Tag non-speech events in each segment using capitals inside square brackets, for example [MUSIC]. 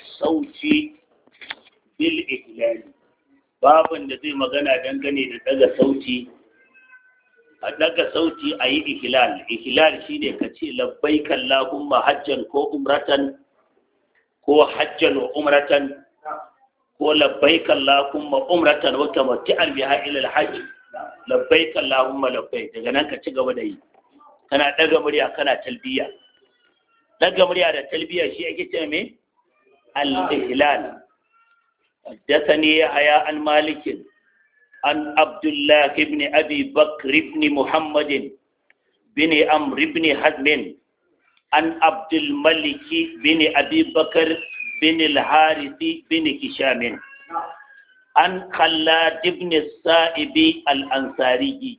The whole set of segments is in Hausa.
الصوت bil ihlali babin da zai magana dangane daga sauti a daga sauti a yi ihlal ihlal shine ka ce labbaik allahumma hajjan ko umratan ko hajjan wa umratan ko labbaik allahumma umratan لبيك tamattu'an biha ila al-hajj labbaik allahumma daga da kana daga murya kana talbiya daga murya da talbiya shi ake ce me الإهلال حدثني يحيى عن مالك عن عبد الله بن أبي بكر بن محمد بن عمرو بن حزم عن عبد الملك بن أبي بكر بن الحارث بن هشام عن خلاد بن السائب الأنصاري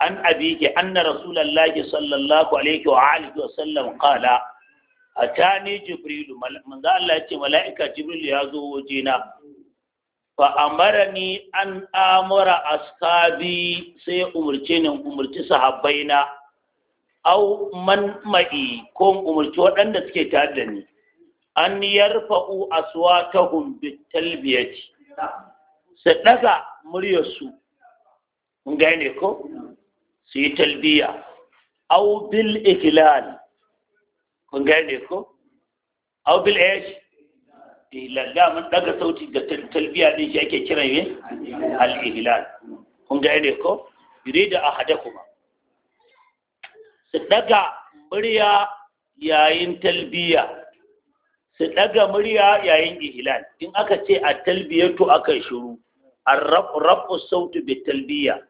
عن أبيه أن رسول الله صلى الله عليه وآله وسلم قال atani jibrilu manzo Allah ya ce mala'ika jibril ya zo waje na fa amarani an amara askabi sai umurce ni umurci na. au man ma'i ko umurci waɗanda suke tare da ni an yarfa'u aswatahum bitalbiyati su daga muryarsu Mun gane ko su yi talbiya au bil ikhlal kun gane ko aw bil ash ihlal eh, da mun daga sauti ga talbiya din shi ake kiran ne al ihlal kun gane ko yurida ahadakuma su daga murya yayin talbiya su daga murya yayin ihlal in aka ce a talbiyatu aka shiru rafu sautu bi talbiya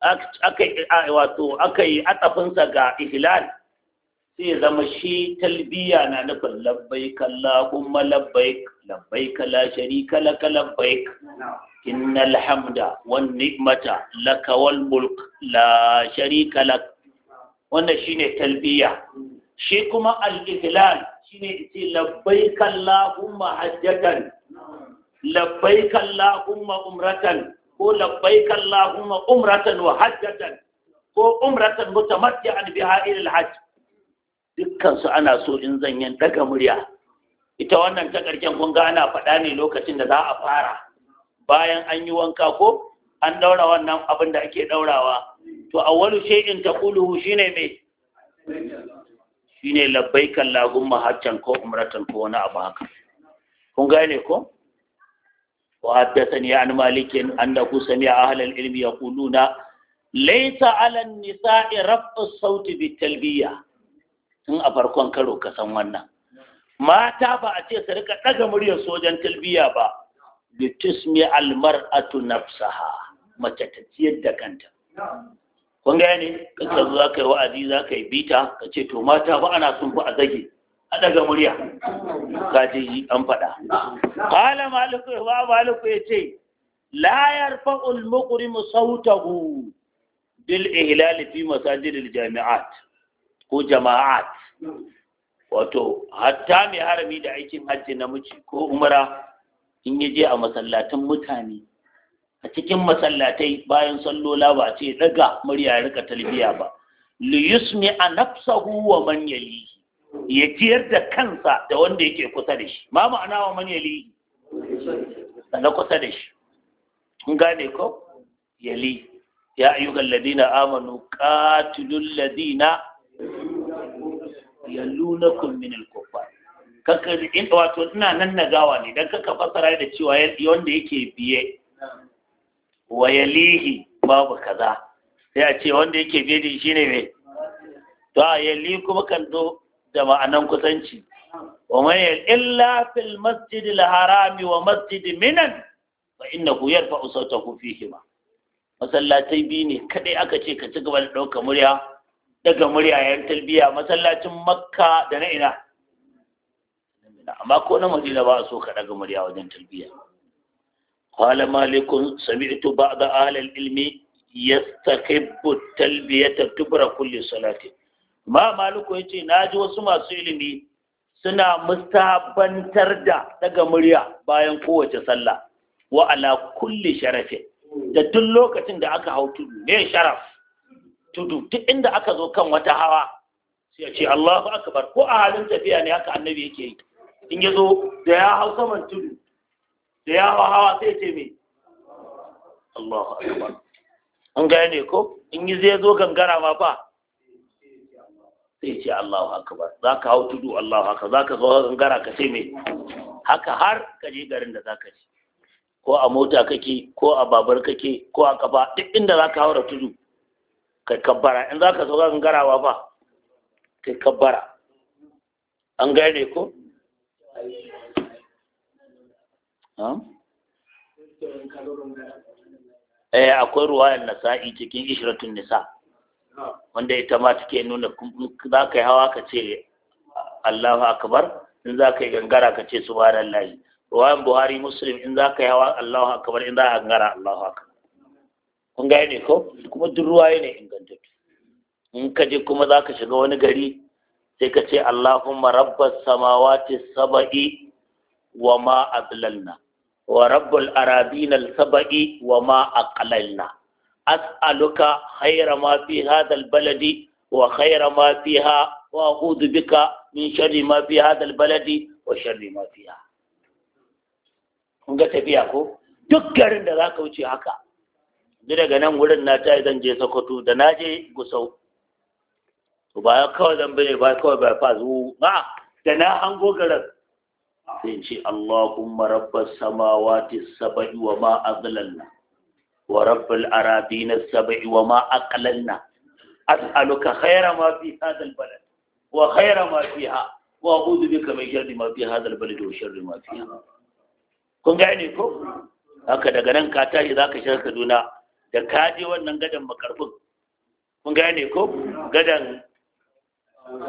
aka wato aka yi atafinsa ga ihlal sai ya zama shi talbiya na nufin labbaik Allahumma labbaik labbaik la sharika kala labbaik innal hamda wan ni'mata laka wal mulk la sharika lak wannan shine talbiya shi kuma al-ihlal shine ce labbaik kuma hajjatan labbaik kuma umratan ko labbaik kuma umratan wa hajjatan ko umratan mutamatti'an biha ila al-hajj Dukkansu ana so in zan yin daga murya ita wannan ta ƙarshen kun ga ana faɗa ne lokacin da za a fara bayan an yi wanka ko an ɗaura wannan abin da ake ɗaurawa to awwalu shay'in taquluhu shine me shine kan allahumma hajjan ko umratan ko wani abu haka kun gane ko wa ya an malikin annahu sami'a ahlal ilmi ya laysa Laisa Alan nisai raf'u as-sawti bit tun a farkon karo ka san wannan mata ba a ce su rika daga muryar sojan talbiya ba bitusmi almar'atu nafsaha mace ta ciyar da kanta kun ga ne kaka zo zaka yi wa'azi ka yi bita ka ce to mata ba ana sun fi a zage a daga murya ka ji yi an faɗa qala maliku wa maliku yace la yarfa'u al-muqrim sautahu bil ihlal fi masajid jamiat ko jama'at wato hatta mai harami da aikin hajji namiji ko umara in ya je a masallatan mutane a cikin masallatai bayan sallola ba ce daga murya rika talbiya ba liyus ne a nafsahu wa man ya ciyar da kansa da wanda yake kusa da shi ma ma'ana wa man na kusa da shi in gane ko yali ya ayyukan ladina amanu katulun ladina yalunakum min al-kuffar kaka in wato ina nan nagawa ne dan kaka fasara da cewa wanda yake biye wa yalihi babu kaza sai a ce wanda yake biye da shine me to a yali kuma kan zo da ma'anan kusanci wa man illa fil masjid al wa Masjidi minan fa innahu yarfa'u sawtahu fihi ma masallatai biyu ne kadai aka ce ka ci gaba da ɗaukar murya daga murya yayin talbiya masallacin makka da na ina amma ko na madina ba a so ka daga murya wajen talbiya qala malikun sami'tu ba'da ahli al-ilmi yastahibbu talbiyata tubra kulli salati ma maliku yace ji wasu masu ilimi suna mustabantar da daga murya bayan kowace sallah wa ala kulli sharafin da duk lokacin da aka hau tudu ne sharaf tudu duk inda aka zo kan wata hawa sai ya ce Allahu akbar ko a halin tafiya ne haka annabi yake yi in ya zo da ya hau saman tudu da ya hau hawa sai ce me Allahu akbar an gaya ne ko in yi zai zo gangara ma fa sai ce Allahu akbar za ka hau tudu Allahu haka za ka zo gangara ka ce me haka har ka je garin da za ka ci ko a mota kake ko a babar kake ko a kafa duk inda za ka haura tudu kai kabbara in za ka zo sauka garawa ba kai kabbara an gane ko? eh akwai yan nasa'i cikin ishiratun nisa wanda ita ma take nuna za ka yi hawa ka ce Allahu akbar in za ka yi gangara ka ce su layi. ruwayan buhari muslim in za ka yi hawa Allahu akbar in za ka gangara Allahu akbar kun gane ko kuma duk ruwaye ne ingantattu in ka je kuma za ka shiga wani gari sai ka ce Allahumma rabbas samawati saba'i wa ma adlalna wa rabbul arabin saba'i wa ma aqlalna as'aluka khayra ma fi hadha baladi wa khayra ma fiha wa a'udhu bika min sharri ma fi hadha baladi wa sharri ma fiha kun ga tafiya ko duk garin da zaka wuce haka ni daga nan wurin na tayi zan je sokoto da na je gusau to ba kawai zan bane ba kawai ba fa zuwa ba da na hango garin sai ce Allahumma rabbas samawati sab'i wa ma azlalna wa rabbal na sab'i wa ma aqlalna as'aluka khayra ma fi hadal balad wa khayra ma fiha wa a'udhu bika min sharri ma fi hadal balad wa sharri ma fiha kun gane ko haka daga nan ka tashi zaka shirka Kaduna da ka je wannan gadan makarfin kun gane ko gadan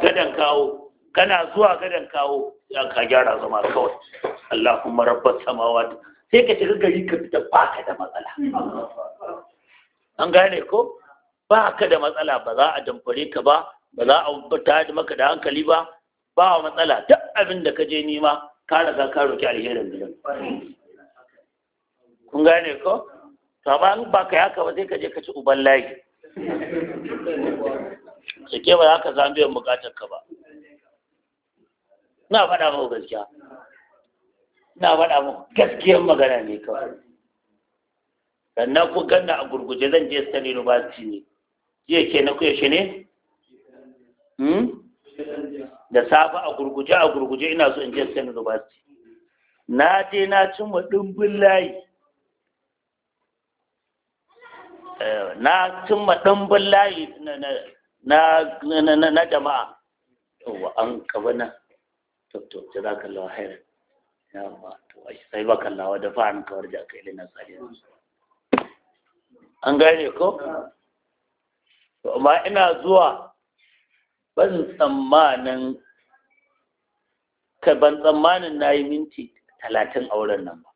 gadan kawo kana zuwa gadan kawo ya ka gyara zama kawai Allahumma rabbas samawati sai ka shiga gari ka fita baka da matsala an gane ko baka da matsala ba za a damfare ka ba ba za a da maka da hankali ba ba wa matsala duk abin da ka je nima ka riga ka roki alherin gidan kun gane ko to amma in ba kai haka ba sai ka je ka ci uban layi sake ba ka za biyan bukatar ka ba na faɗa muku gaskiya na faɗa muku gaskiyar magana ne kawai sannan ku ganna a gurguje zan je Stan University ne jiya ke na shi ne hmm? da safe a gurguje a gurguje ina so in je Stan University na je na cimma ɗumbin layi na cimma ɗumbin layi na jama'a yawwa an kaba na to za ka lawa haira ba to a sai ba kallawa da fa'an kawar da aka ilina tsari an gane ko to amma ina zuwa ban tsammanin ka ban tsammanin na yi minti talatin auren nan ba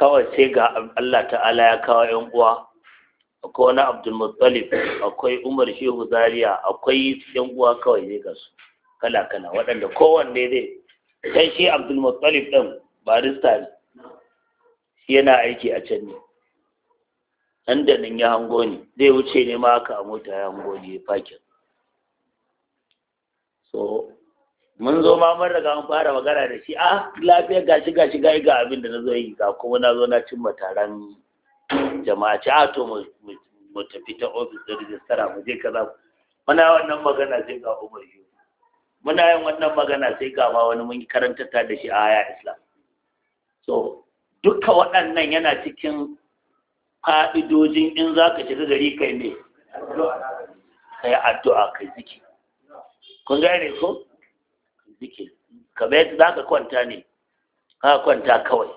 kawai sai ga Allah ta'ala ya kawo yan uwa akwai wani abdulmuttalib akwai umar shehu zaria akwai yan uwa kawai ne ga su kala kala waɗanda kowanne zai sai shi abdulmuttalib ɗin barista ne yana aiki a can ne nan da nan ya hango ni zai wuce ne ma aka a mota ya hango ni fakin so mun zo ma mun riga mun fara magana da shi ah lafiya gashi gashi ga ga abin da na zo yi ga kuma na zo na cimma taron jama'a ci a ah, to mu tafi ta ofis da rijistara mu je kaza muna wannan magana sai ga Umar shi muna yin wannan magana sai ga ma wani mun karanta ta da shi a haya Islam so duka waɗannan yana cikin fa'idojin in za ka shiga gari kai ne kai addu'a kai ziki kun gane ko zikir kamar yadda za ka kwanta ne ka kwanta kawai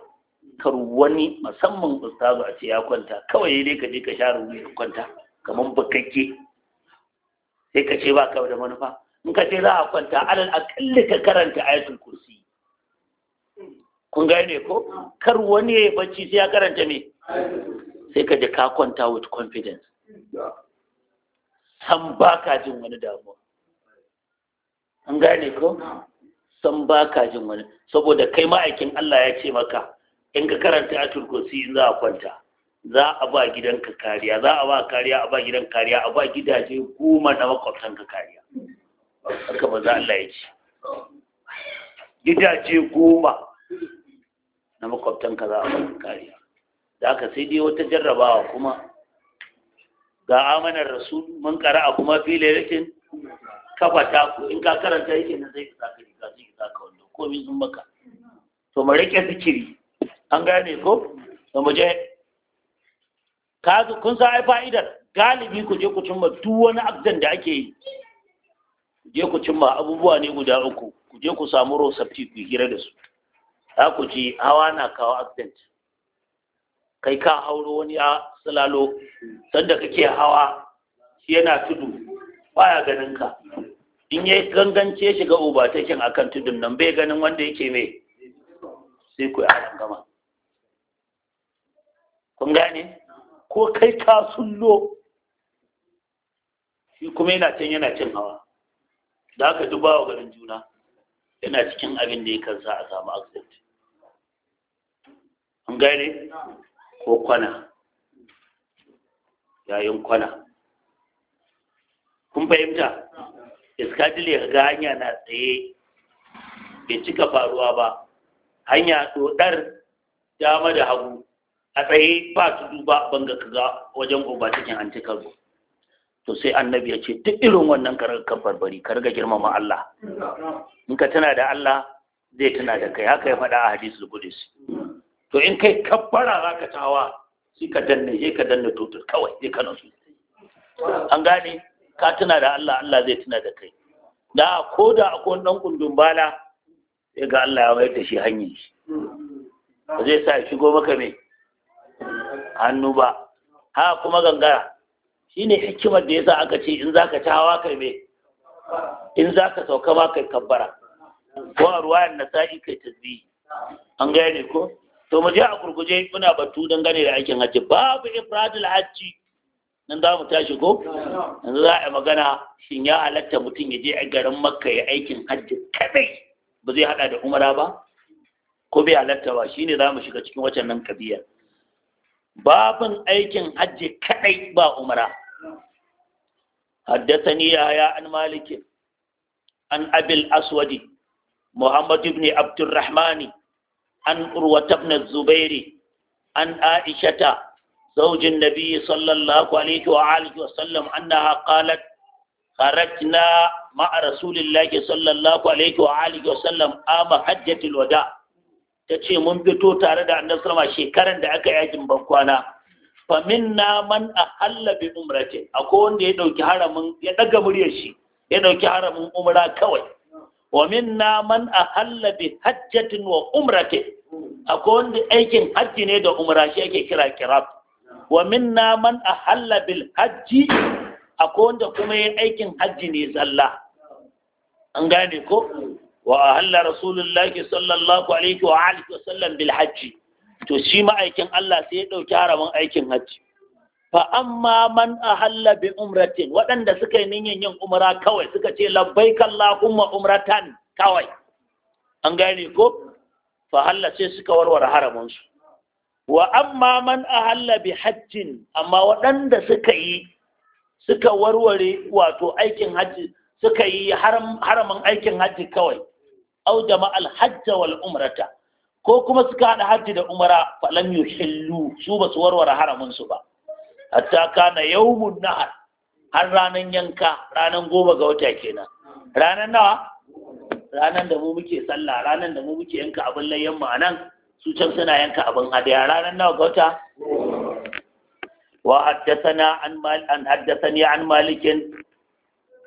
kar wani musamman ustazu a ce ya kwanta kawai dai ka je ka sha ruwa ka kwanta kamar bakakke sai ka ce ba ka da manufa in ka ce za a kwanta alal akalli ka karanta ayatul kursi kun gane ko kar wani ya bacci sai ya karanta me sai ka je ka kwanta with confidence san ba ka jin wani damuwa an gane ko san ba ka jin wani saboda kai ma'aikin Allah ya ce maka in ka karanta a turkosi in za a kwanta za a ba gidanka kariya za a ba kariya a ba gidan kariya a ba gidaje goma na makwabtanka kariya haka ba za Allah ya ce gidaje goma na makwabtanka za a ba kariya da aka sai dai wata jarrabawa kuma ga amanar rasu mun kara a kuma fi kafa ta ku in ka karanta yake na sai ka saka riga sai ka saka wando komai sun maka to mu rike zikiri an gane ko to mu je ka kun sa ai fa'idar galibi ku je ku cimma duk wani abdan da ake yi je ku cimma abubuwa ne guda uku ku je ku samu rosafti ku hira da su za ku ji hawa na kawo accident kai ka hauro wani ya sulalo sanda kake hawa shi yana tudu baya ganin ka in ya gangance shiga ubatakin akan tudun nan bai ganin wanda yake mai sai ku yaran gama kun gane ko kai ka sullo shi kuma yana can yana cin hawa da aka duba wa garin juna yana cikin abin da yakan sa a samu accident Kun gane ko kwana yayin kwana kun fahimta iskadile ga hanya na tsaye bai cika faruwa ba hanya dodar dama da hagu a tsaye ba su duba banga kaga wajen goba cikin an cika ba to sai annabi ya ce duk irin wannan karar kan barbari ka riga girmama Allah in ka tana da Allah zai tana da kai haka ya faɗa a hadisul qudus to in kai kabbara zaka tawa sai ka danne sai ka danne tutur kawai sai ka nasu an gane ka tuna da Allah Allah zai tuna da kai da ko da akwai dan kundun bala sai ga Allah ya mayar da shi hanyar shi zai sa shigo maka mai hannu ba ha kuma gangara shine hikimar da yasa aka ce in zaka ci hawa kai mai in zaka sauka ma kai kabbara ko a ruwayan nasa'i kai tazbi an gane ko to mu je a gurguje muna batu dangane da aikin hajji babu ifradul hajji nan za mu tashi ko yanzu za a magana shin ya halatta mutum ya je a garin makka ya aikin hajji kadai ba zai hada da umara ba ko bai halatta ba shine za mu shiga cikin wacan nan kabiya babin aikin hajji kadai ba umara حدثني يحيى ya مالك an أبي الأسود محمد بن عبد الرحمن an عروة بن الزبير an عائشة زوج النبي صلى الله عليه وآله وسلم أنها قالت خرجنا مع رسول الله صلى الله عليه وآله وسلم آم حجة الوداع تشي من بتو تارد عن نصر ما شكرا دعك يجم بمكوانا فمنا من أحل بأمرته أكون دي دوك حرم يدق مريشي دي دوك حرم أمرا كوي ومنا من أحل بحجة وأمرته أكون دي أيكين حج نيدو أمرا شيكي كرا كراب wa minna man ahalla bil hajji a wanda kuma yin aikin hajji ne zalla an gane ko wa ahalla rasulullahi sallallahu alaihi wa alihi wa sallam bil hajji to shi ma'aikin Allah sai ya dauki haramin aikin hajji fa amma man ahalla bi umratin waɗanda suka yi niyyar yin umra kawai suka ce labbaik allahumma umratan kawai an gane ko fa halla sai suka warware haramin su wa amma man ahalla bi hajjin amma waɗanda suka yi suka warware wato aikin hajji suka yi haramin aikin hajji kawai au jama'al hajja wal umrata ko kuma suka haɗa hajji da umara falam yuhillu su ba su warware haramin su ba hatta kana yawmun nahar har ranan yanka ranan goma ga wata kenan ranan nawa ranan da mu muke sallah ranan da mu muke yanka abin layyan ma nan? su can suna yanka abin hadaya ranar nawa ga wata wa haddathana an mal an haddathani an malikin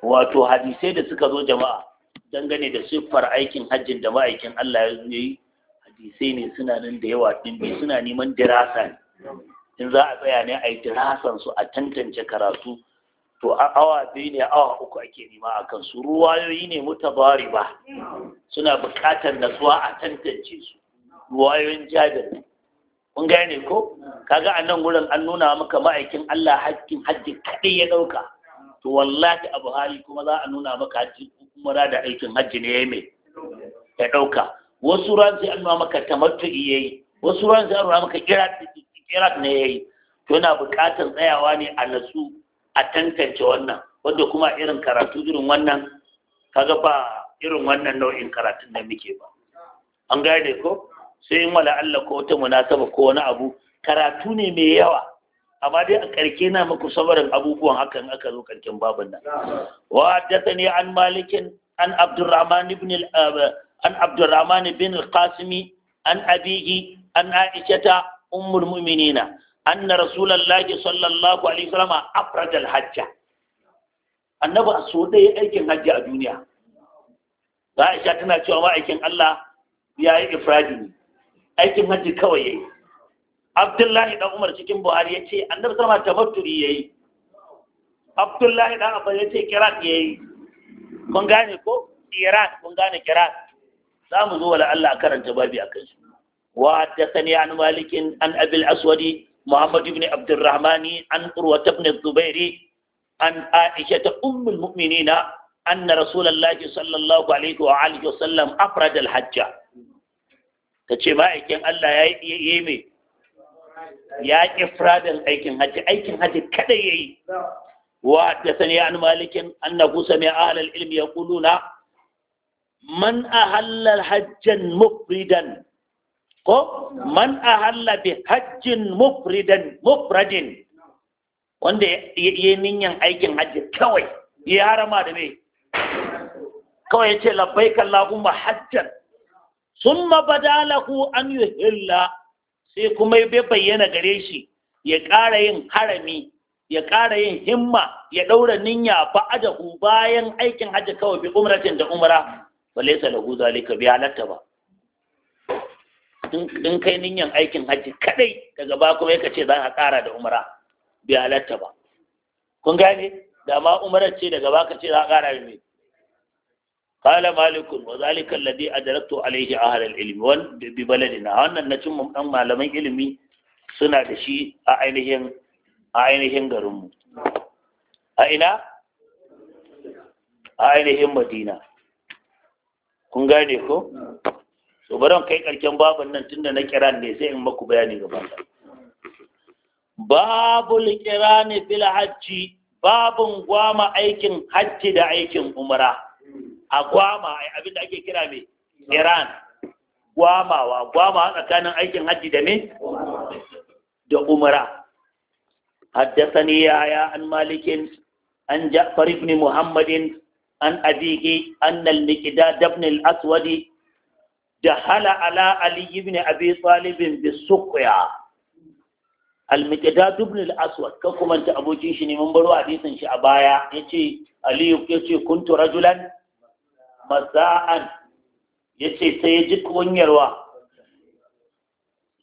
wato hadisai da suka zo jama'a dangane da siffar aikin hajjin da ma'aikin Allah ya yi hadisai ne suna nan da yawa ɗin suna neman dirasa ne in za a tsaya ne a yi dirasan su a tantance karatu to a awa biyu ne awa uku ake nema a kansu ruwayoyi ne mutabari ba suna buƙatar natsuwa a tantance su ruwayoyin jabir kun gane ko kaga a nan wurin an nuna maka ma'aikin Allah hakkin hajji kaɗai ya ɗauka to wallahi abu hali kuma za a nuna maka hajji umara da aikin hajji ne ya mai ya ɗauka wasu ran sai an nuna maka tamattu ya yi wasu ran sai an nuna maka kirat ne ya yi to yana buƙatar tsayawa ne a nasu a tantance wannan wanda kuma irin karatu irin wannan kaga ba irin wannan nau'in karatun da muke ba an gane ko sai in wala Allah ko wata munasaba ko wani abu karatu ne mai yawa amma dai a karke na muku sabarin abubuwan hakan aka zo karken babin nan wa haddathani an malikin an abdurrahman ibn uh, an abdurrahman ibn al-qasimi an abihi an aishata ummul mu'minina anna rasulullahi sallallahu alaihi wasallam afrad al-hajja annabi a so ɗaya aikin hajji a duniya aisha tana cewa ma'aikin Allah ya yi ifradi ne aikin hajji kawai yayi abdullahi dan umar cikin buhari ya ce annabi sama tabatturi ya yi abdullahi dan abbas ya ce kirat ya yi kun gane ko kirat kun gane kirat za mu zo wala allah karanta babi a kai. wa haddathani an malikin an abil aswadi muhammad ibn abdurrahmani an urwa ibn zubairi an aisha ta ummul mu'minina anna rasulullahi sallallahu alaihi wa alihi wa sallam afrada al-hajja ka ce ma'aikin Allah ya yi mai ya ƙi firadin aikin hajji aikin hajji kaɗai ya yi wa da sani an malikin kusa mai ahalar ilmi ya ƙulu na? man a hallar hajjin mufridan ko man a hallar bi hajjin mufridan mufradin wanda ya yi niyan aikin hajji kawai ya harama da mai kawai ya ce lagun ma hajjan summa badalahu an yuhilla sai kuma ya bayyana gare shi ya ƙara yin harami ya ƙara yin himma ya ɗaura ninya fa ajahu bayan aikin hajji kawai bi umratin da umra ba laysa lahu zalika bi halatta ba in kai ninyan aikin hajji kadai daga ba kuma yaka ce za a ƙara da umra bi halatta ba kun gane da ma umrar ce daga ba ka ce za a ƙara da قال مالك وذلك الذي a عليه alayhi العلم al-ilm wal من baladina wannan na cin dan malaman ilimi suna da shi a ainihin garinmu a ina a ainihin kun gane ko so kai karken babin nan tunda na kira ne sai in maku bayani gaba babul kirani fil hajji babun gwama aikin hajji da aikin umra a gwama a abin da ake kira mai iran gwamawa gwama tsakanin aikin hajji da min da umara haddasa ne ya an malikin an ja'far ibn muhammadin an abihi an nikida dabni dabnil aswadi da hala ala ali ibn abin talibin bi suqya al-mikida dabni al ka kuma ta abokin shi neman mun baro hadisin shi a baya Ya ce Aliyu, ya ce kuntu rajulan maza'an ya ce sai ya ji kunyarwa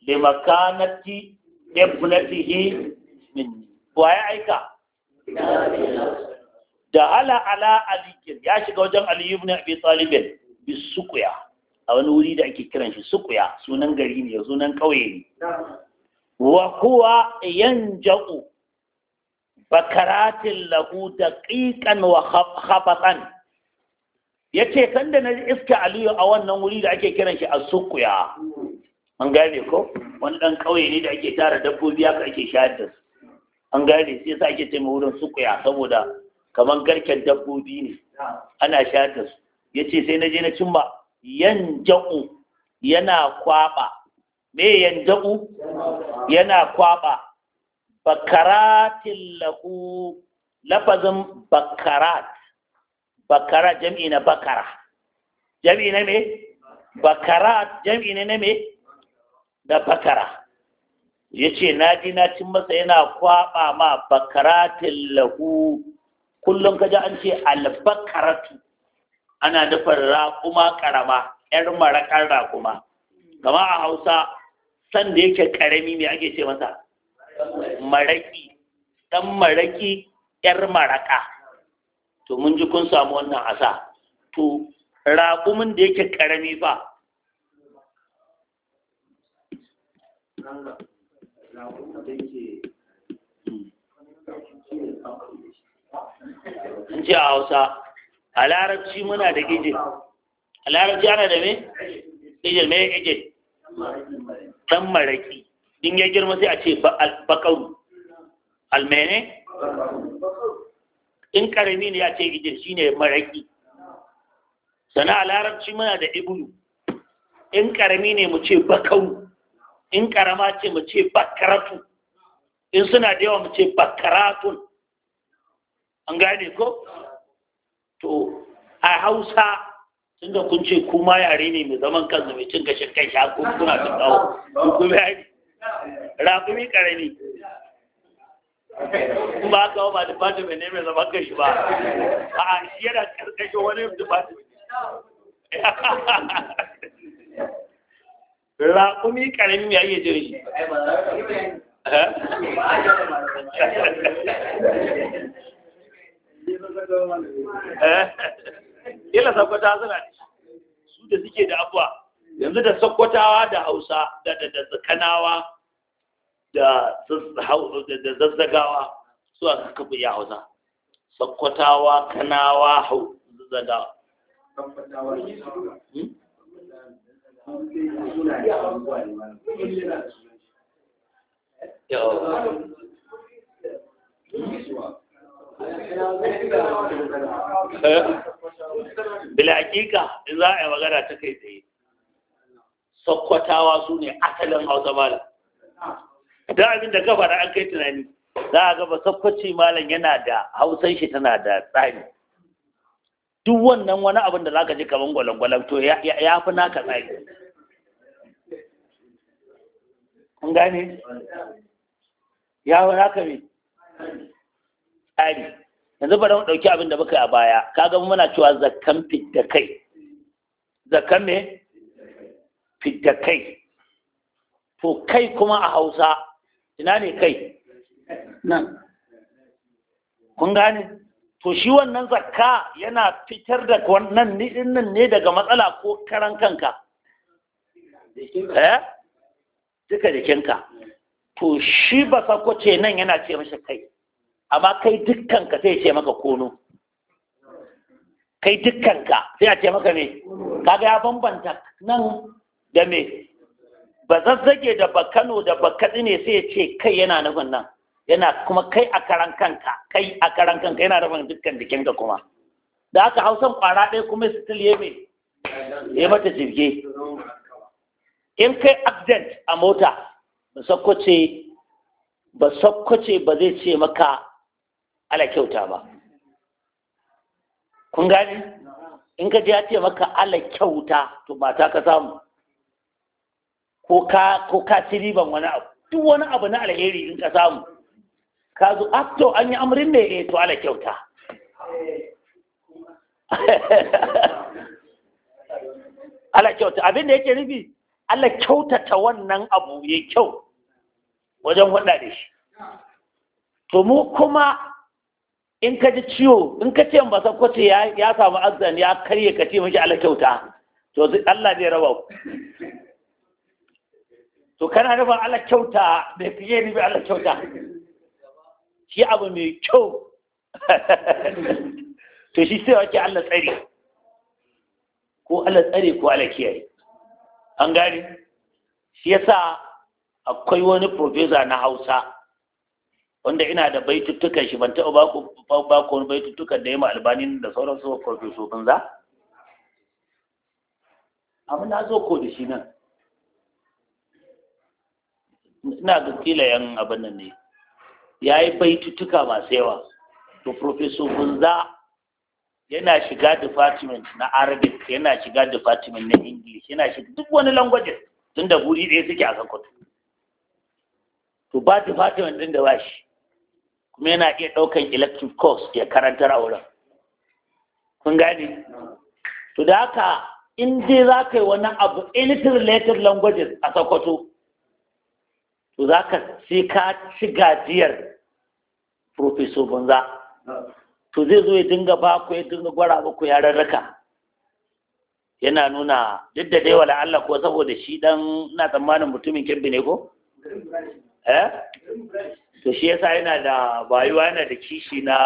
limakanati ibnatihi min ya aika da ala ala alikir ya shiga wajen aliyu ibn abi talib bi sukuya a wani wuri da ake kiran shi sukuya sunan gari ne sunan kauye ne wa huwa yanja'u bakaratin lahu daqiqan wa khabatan ya ce kan da na iska aliyu a wannan wuri da ake kiran shi a sukuya an gane ko wani ɗan ƙauye ne da ake tara dabbobi haka ake shayar da su an gane sai sa ake taimaka wurin sukuya saboda kamar garken dabbobi ne ana shayar da su ya ce sai na je na cimma yan ja'u yana kwaba me yan ja'u yana kwaɓa bakaratin lahu lafazin bakarat bakara jam'i na bakara jam'i na me bakara jam'i ne na me da bakara ya na ji na cin masa yana kwaɓa ma bakaratin lahu kullum kaji an ce albakaratu ana nufin raƙuma ƙarama ‘yar maraƙar raƙuma kama a hausa san da yake ƙarami ne ake ce masa maraƙi ɗan maraƙi ‘yar maraƙa to mun ji kun samu wannan asa to raƙumin da yake ƙarami fa in ce a hausa a larabci muna da gijin a larabci ana da me? gijin me gijin ɗan maraƙi in ya girma sai a ce baƙaru almene? in karami ne ya ce gijin shine maraki sana a larabci muna da ibulu in karami ne mu ce Bakau. in karama ce mu ce bakaratu in suna da yawa mu ce bakaratun an gane ko to a hausa tunda kun ce kuma yare ne mai zaman kansu mai cin gashin kai shi kuna tun kawo kuma yare rafi karami in ba haka ba department ne mai zaman gari ba a shi yana karkashin wani department [LAUGHS] raƙumi ƙarami ya iya jiri ila sakwata suna su da suke da abuwa yanzu da sakwatawa da hausa da da da kanawa da zazzagawa su aka kafa ya hausa sakkwatawa kanawa hau zazzagawa hmm? bila hakika in za a yi magana ta kai tsaye sakkwatawa su ne asalin hausa malam da abin da gaba faɗa an kai tunani za a gaba sakwaci malam yana da hausan shi tana da tsari duk wannan wani abin da zaka ji kaman gwalangwalan to ya fi naka tsari an gane ya fi naka me tsari yanzu bari mu ɗauki abin da muka a baya kaga muna cewa zakan fidda kai zakan me fidda kai to kai kuma a hausa ina ne kai nan kun gane to shi wannan zakka yana fitar da wannan nan ne daga matsala ko karan kanka eh duka jikinka to shi ba sako ce nan yana ce masa kai amma kai dukkanka sai ce maka kono kai dukkanka sai a ce maka me kaga ya bambanta nan da me ba zazzage da ba Kano da ba ne sai ya ce kai yana nufin nan yana kuma kai a karan kanka kai a karan kanka yana nufin dukkan jikinka kuma da aka hausan kwara ɗaya kuma sitil ya mai ya mata jirge in kai accident a mota ba sakkwace ba sakkwace ba zai ce maka ala kyauta ba kun gani in ka ji ya ce maka ala kyauta to ba ta ka samu ko ka ko ka ci riban wani abu duk wani abu na alheri in ka samu ka zo ah, to an yi amrin ne eh to ala kyauta [LAUGHS] ala kyauta abin da yake nufi ala kyautata wannan abu ya kyau wajen hudda da shi to mu kuma in ka ji ciwo in ka ce ba sakwace ya samu azan ya karye ka ce mishi ala kyauta to Allah zai raba ku to kana nufin Allah kyauta bai fiye bi Allah kyauta shi abu mai kyau to shi sai wake Allah tsare ko Allah tsare ko Allah kiyaye an gani shi yasa akwai wani professor na Hausa wanda ina da baituttukan shi ban taɓa ba ku ba ku wani baituttukan da ya ma albani da sauran su professor banza amma na zo ko da shi nan ina ga kila yan abin nan ne ya yi baitutuka masu yawa to professor gunza yana shiga department na arabic yana shiga department na english yana shiga duk wani languages tun da buri ɗaya suke a sakwato to ba department ɗin da ba shi kuma yana iya ɗaukan elective course ya karantar a wurin kun gane to da haka in dai za ka yi wani abu anything related languages a sakwato to za ka sai ka ci gajiyar profeso banza to zai zo ya dinga ba ku ya dinga gwara yaran raka yana nuna duk da dai wala Allah ko saboda shi dan na tsammanin mutumin kirbi ne ko eh to shi yasa yana da bayuwa yana da kishi na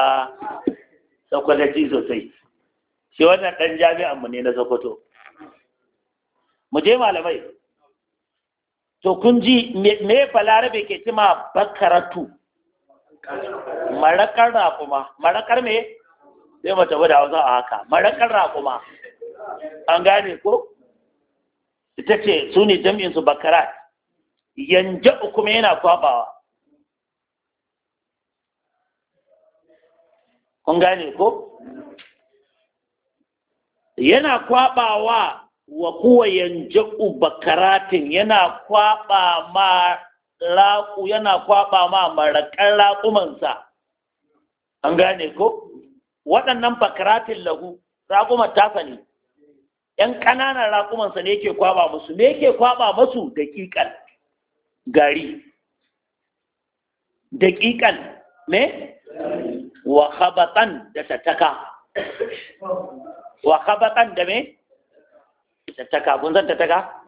sakwataci sosai shi wannan dan jami'an mu ne na Sokoto mu je malamai to kun ji me balarabe ke cima bakaratu marakar kuma, marakar me sai mace da wasu a haka marakar kuma. an gane ko ita ce su ne jam'in su bakarat yanja kuma yana kwabawa kun gane ko yana kwabawa wa kuwa yanja'u bakaratin yana kwaba ma raƙu yana kwaba ma marakan raƙumansa an gane ko waɗannan bakaratin lahu raƙumar tasa ne ‘yan ƙananan raƙumansa ne yake kwaba musu me yake kwaba musu daƙiƙan gari daƙiƙan me wa habatan da tattaka wa habatan da me tattaka kun san tattaka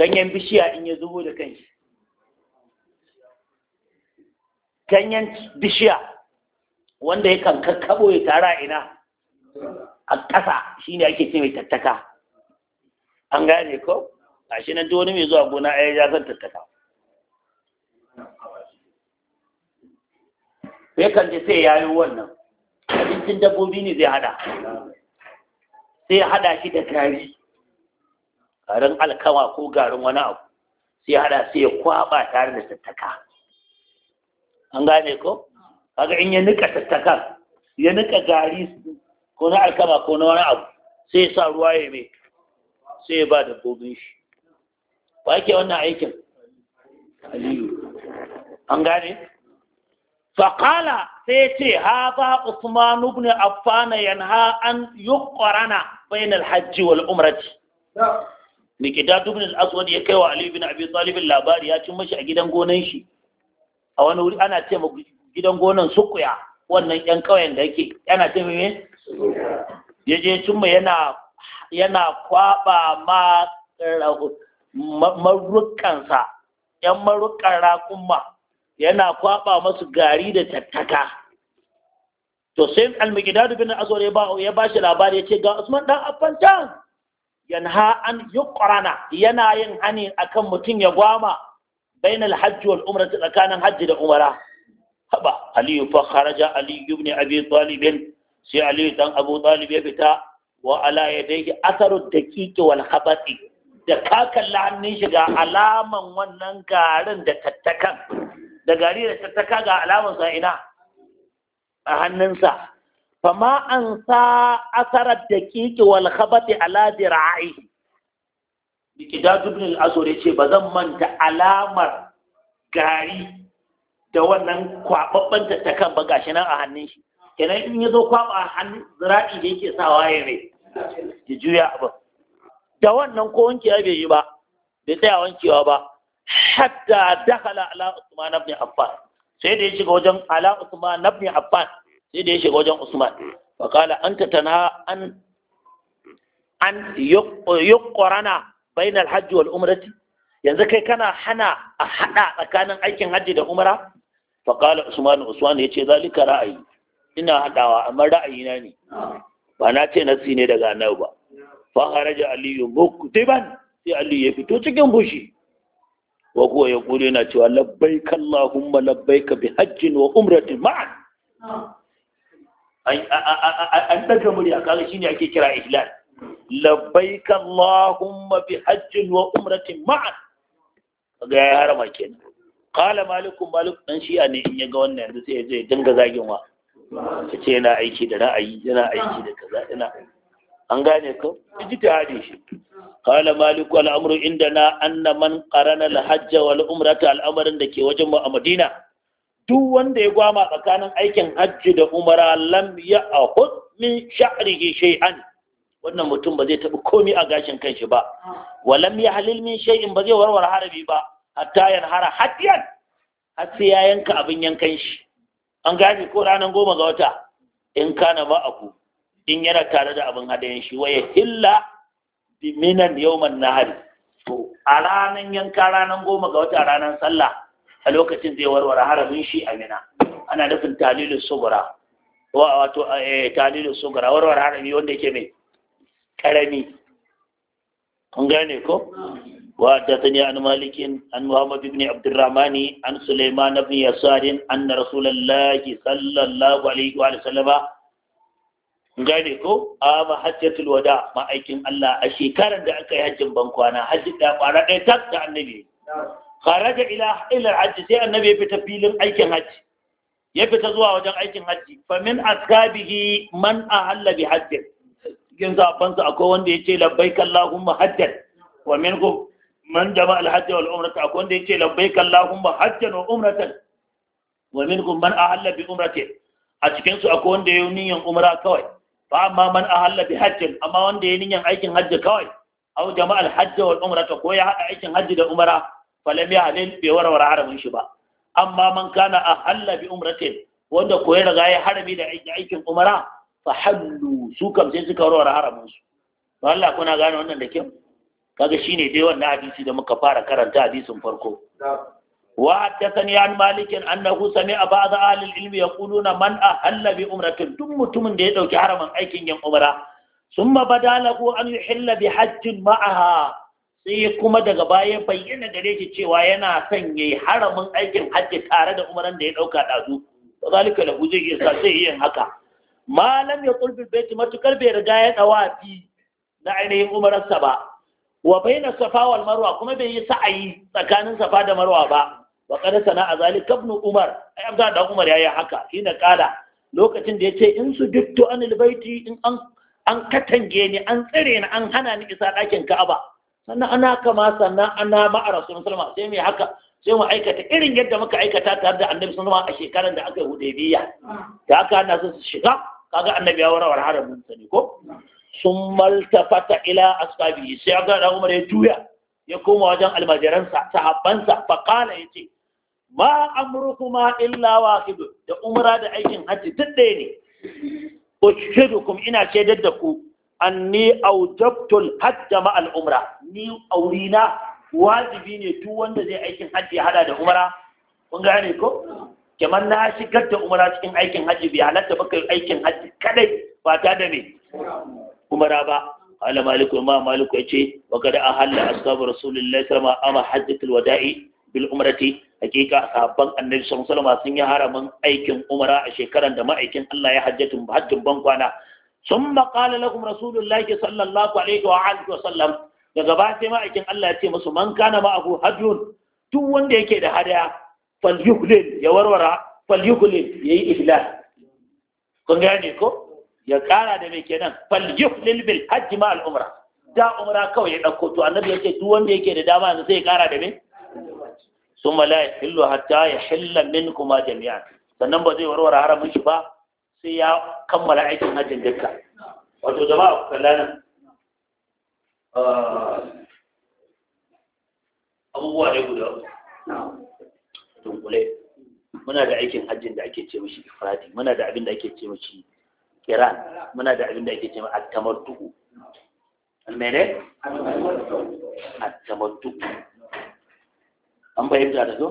ganyen bishiya in ya zubo da kanshi ganyen bishiya wanda yakan kakkabo ya tara ina a ƙasa shine ake ce mai tattaka an gane ko a shi nan wani mai zuwa gona ya ya san tattaka yakan je sai ya yi wannan abincin dabbobi ne zai hada sai hada shi da kari garin alkama ko garin wani abu sai hada sai ya kwaba tare da tattaka an gane ko kaga in ya nika tattakan ya nika gari ko na alkama ko na wani abu sai ya sa ruwa ya mai sai ya ba dabbobin shi wa yake wannan aikin aliyu an gane faƙala sai ce ba usman ibn affan yanha an yuqrana bainal hajji wal umrati Mikita ibn al-aswad ya kaiwa ali ibn abi talib labari ya cin mashi a gidan gonan shi a wani wuri ana ce ma gidan gonan sukuya wannan yan kauyen da yake yana ce me ya je cin yana yana kwaba ma marukansa yan marukan rakunma. yana kwaba masu gari da tattaka to sai al mikita ibn al-aswad ya ba shi labari ya ce ga usman dan affan yanha an yuqrana yana yin hani akan mutum ya gwama bainal hajji wal umra tsakanin hajji da umara haba aliyu fa kharaja ali ibn abi talib sai ali dan abu talib ya fita wa ala yadayhi atharu daqiqi wal khabati da ka kalla hannun shi ga alaman wannan garin da tattakan da gari da tattaka ga alaman sa ina a hannunsa fama an sa asarar da kiki wal khabati ala dir'ai Mikidad ibn al-Aswad yace ba zan manta alamar gari da wannan kwababban tattakan ba gashi nan a hannun shi kenan in yazo zo kwaba a hannun zira'i da yake sa waye ne ki juya abin da wannan ko wankewa bai yi ba bai tsaya wankewa ba hatta dakala ala Usman ibn Affan sai da ya shiga wajen ala Usman ibn Affan sai da ya shiga wajen usman fa qala anta tanha an an yuqrana bainal hajji wal umrati yanzu kai kana hana a hada tsakanin aikin hajji da umara? fa kala usman usman yace zalika ra'ayi ina hadawa amma ra'ayina ne ba na ce nasi ne daga annabi ba fa kharaja aliyu muktiban sai aliyu ya fito cikin bushi wa ya kuri na cewa labbaik allahumma labbaik bi hajjin wa umratin ma'a ah. an daga murya kaga shine ake kira ihlal labbaik allahumma bi hajjin wa umrati ma'an kaga ya harama kenan qala malikum malik dan shi'a ne in ya ga wannan yanzu sai ya je dinga zagin wa ce yana aiki da ra'ayi yana aiki da kaza yana an gane ko ijtihadi shi qala malik al amru indana anna man qarana al hajj wal umrata al amrin dake wajen mu a madina duk wanda ya gwama tsakanin aikin hajji da umara lam ya ahud min sha'rihi shay'an wannan mutum ba zai taɓa komi a gashin kanshi ba walam ya halil min shay'in ba zai warware harabi ba hatta yan hara hadiyan har sai ya yanka abin yankan shi an gane ko ranar goma ga wata in kana ba ku in yana tare da abin hadayen shi waya hilla biminan yawman nahari to a ranar yanka ranar goma ga wata ranar sallah a lokacin zai warware haramin shi a mina ana nufin talilin sugura wato eh, talilin sugura warware harami wanda yake mai karami kun gane ko وحدثني عن an malikin an muhammad ibn abdurrahman an sulaiman ibn yasar an rasulullahi sallallahu alaihi wa sallama kun gane ko ama hajjatul wada ma'aikin Allah a shekarar da aka yi hajjin bankwana hajjin da kwana ɗaya tak da annabi kharaja ila ila hajji sai annabi ya fita filin aikin hajji ya fita zuwa wajen aikin hajji fa min ashabihi man ahalla bi hajjin cikin zaban sa akwai wanda ya ce yace labbaik allahumma hajjan wa minkum man jama'a al-hajj wal umrata akwai wanda ya ce yace labbaik allahumma hajjan wa umratan wa minkum man ahalla bi umratin a cikin su akwai wanda ya yi niyan umra kawai fa amma man ahalla bi hajjin amma wanda ya yi niyan aikin hajji kawai aw jama'a al-hajj wal umrata ko ya haɗa aikin hajji da umra falam ya halil bai warware haramin shi ba amma man kana ahalla bi umratin wanda ko ya riga ya harami da aikin umara fa hallu su kam sai suka warware haramin su Allah kuna gane wannan da kyau kaga shine dai wannan hadisi da muka fara karanta hadisin farko wa haddathani an malik annahu sami'a ba'd ahli al-ilm yaquluna man ahalla bi umratin duk mutumin da ya dauki haramin aikin yin umara summa badalahu an yuhilla bi hajjin ma'aha sai kuma daga baya bayyana gare shi cewa yana son yayi haramin aikin hajji tare da umaran da ya ɗauka ba za zalika lahu zai iya sa yin haka malam ya qulbi baiti matukar bai riga ya dawafi na ainihin umararsa ba wa baina safa wal marwa kuma bai yi sa'ayi tsakanin safa da marwa ba wa qad sana'a zalika ibn umar ai abda da umar yayi haka na kala lokacin da ya ce in su duktu anil baiti in an an katange ni an tsire ni an hana ni isa ɗakin ka'aba sannan ana kama sannan ana ma'ara sun salama sai mai haka sai mu aikata irin yadda muka aikata tare da annabi salama a shekarar da aka yi hudaybiya da haka ana sun su shiga kaga annabi ya warawar haramun sani ko sun maltafata ila ashabi sai aka da umar ya juya ya koma wajen almajiransa sahabbansa faqala yace ma amrukuma illa wahid da umra da aikin hajji duk ɗaya ne ushidukum ina shaidar da ku anni aujabtul hajja ma umra ni aurina wajibi ne duk wanda zai aikin hajji ya hada da umra kun gane ko kamar na shigar da umra cikin aikin hajji bai halatta baka kai aikin hajji kadai ba ta da me umra ba ala maliku ma maliku yace wa kad ahalla ashabu rasulillahi sallallahu alaihi wasallam ama hajjatul wada'i bil umrati hakika sahabban annabi sallallahu alaihi wasallam sun yi haramin aikin umra a shekaran da ma'aikin Allah ya hajjatun hajjin ban kwana ثم قال لهم رسول الله صلى الله عليه وآله وسلم daga ba sai ma'aikin Allah ya ce musu man kana abu. hajjun duk wanda yake da hadaya falyuhlil ya warwara falyuhlil yayi ihlal kun gane ko ya kara da me kenan falyuhlil bil hajji ma al umra da umra kawai ya dauko to annabi yake duk wanda yake da dama yanzu sai ya kara da me summa la yahillu hatta yahilla minkum jami'an sannan ba zai warwara haramin shi ba sai ya kammala aikin hajjin dukka wato jama'a ku kalla nan ah. abubuwa ne guda dunkule muna da aikin hajjin da ake ce mashi ifradi muna da abin da ake ce mashi kiran muna da abin da ake ce mashi attamattu mene attamattu an bayyanta da zo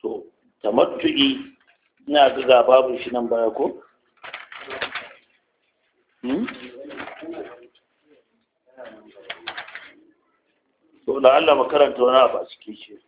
to tamattu'i ina ga babu shi nan baya ko da hmm? allah makaranta wani abu a cikin shi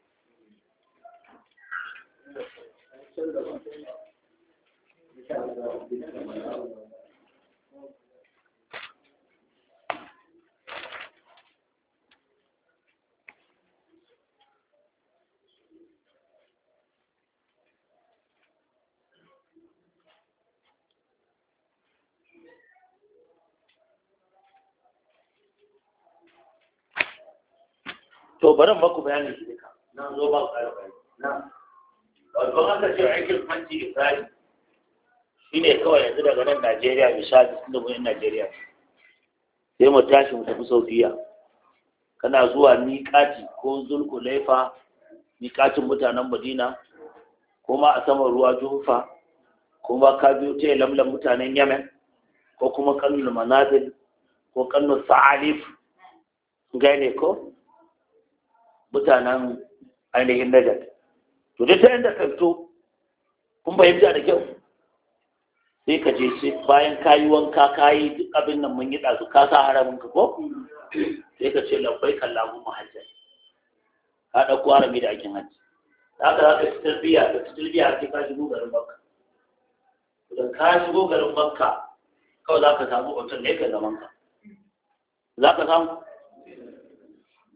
to bari maku bayani shi duka na zo ba ku bayani na wato an ce aikin hajji shi shine kawai yanzu daga nan Najeriya misali da mu Najeriya sai mu tashi mu tafi Saudiya kana zuwa miƙati ko zulkulaifa miƙatin mutanen Madina kuma a saman ruwa Jufa kuma ka biyo ta lamlan mutanen Yemen ko kuma kannul manazil ko kannul sa'alif gane ko mutanen ainihin najar to dai ta yadda kanto kun fahimta da kyau sai ka je sai bayan ka yi wanka ka yi duk abin nan mun yi ɗazu ka sa haramin ka ko sai ka ce labbai mu mahajjar ka ɗauko harami da aikin hajji haka za ka ci tarbiyya da ci tarbiyya sai ka shigo garin makka idan ka shigo garin makka kawai za ka samu otal ne ka zaman ka za ka samu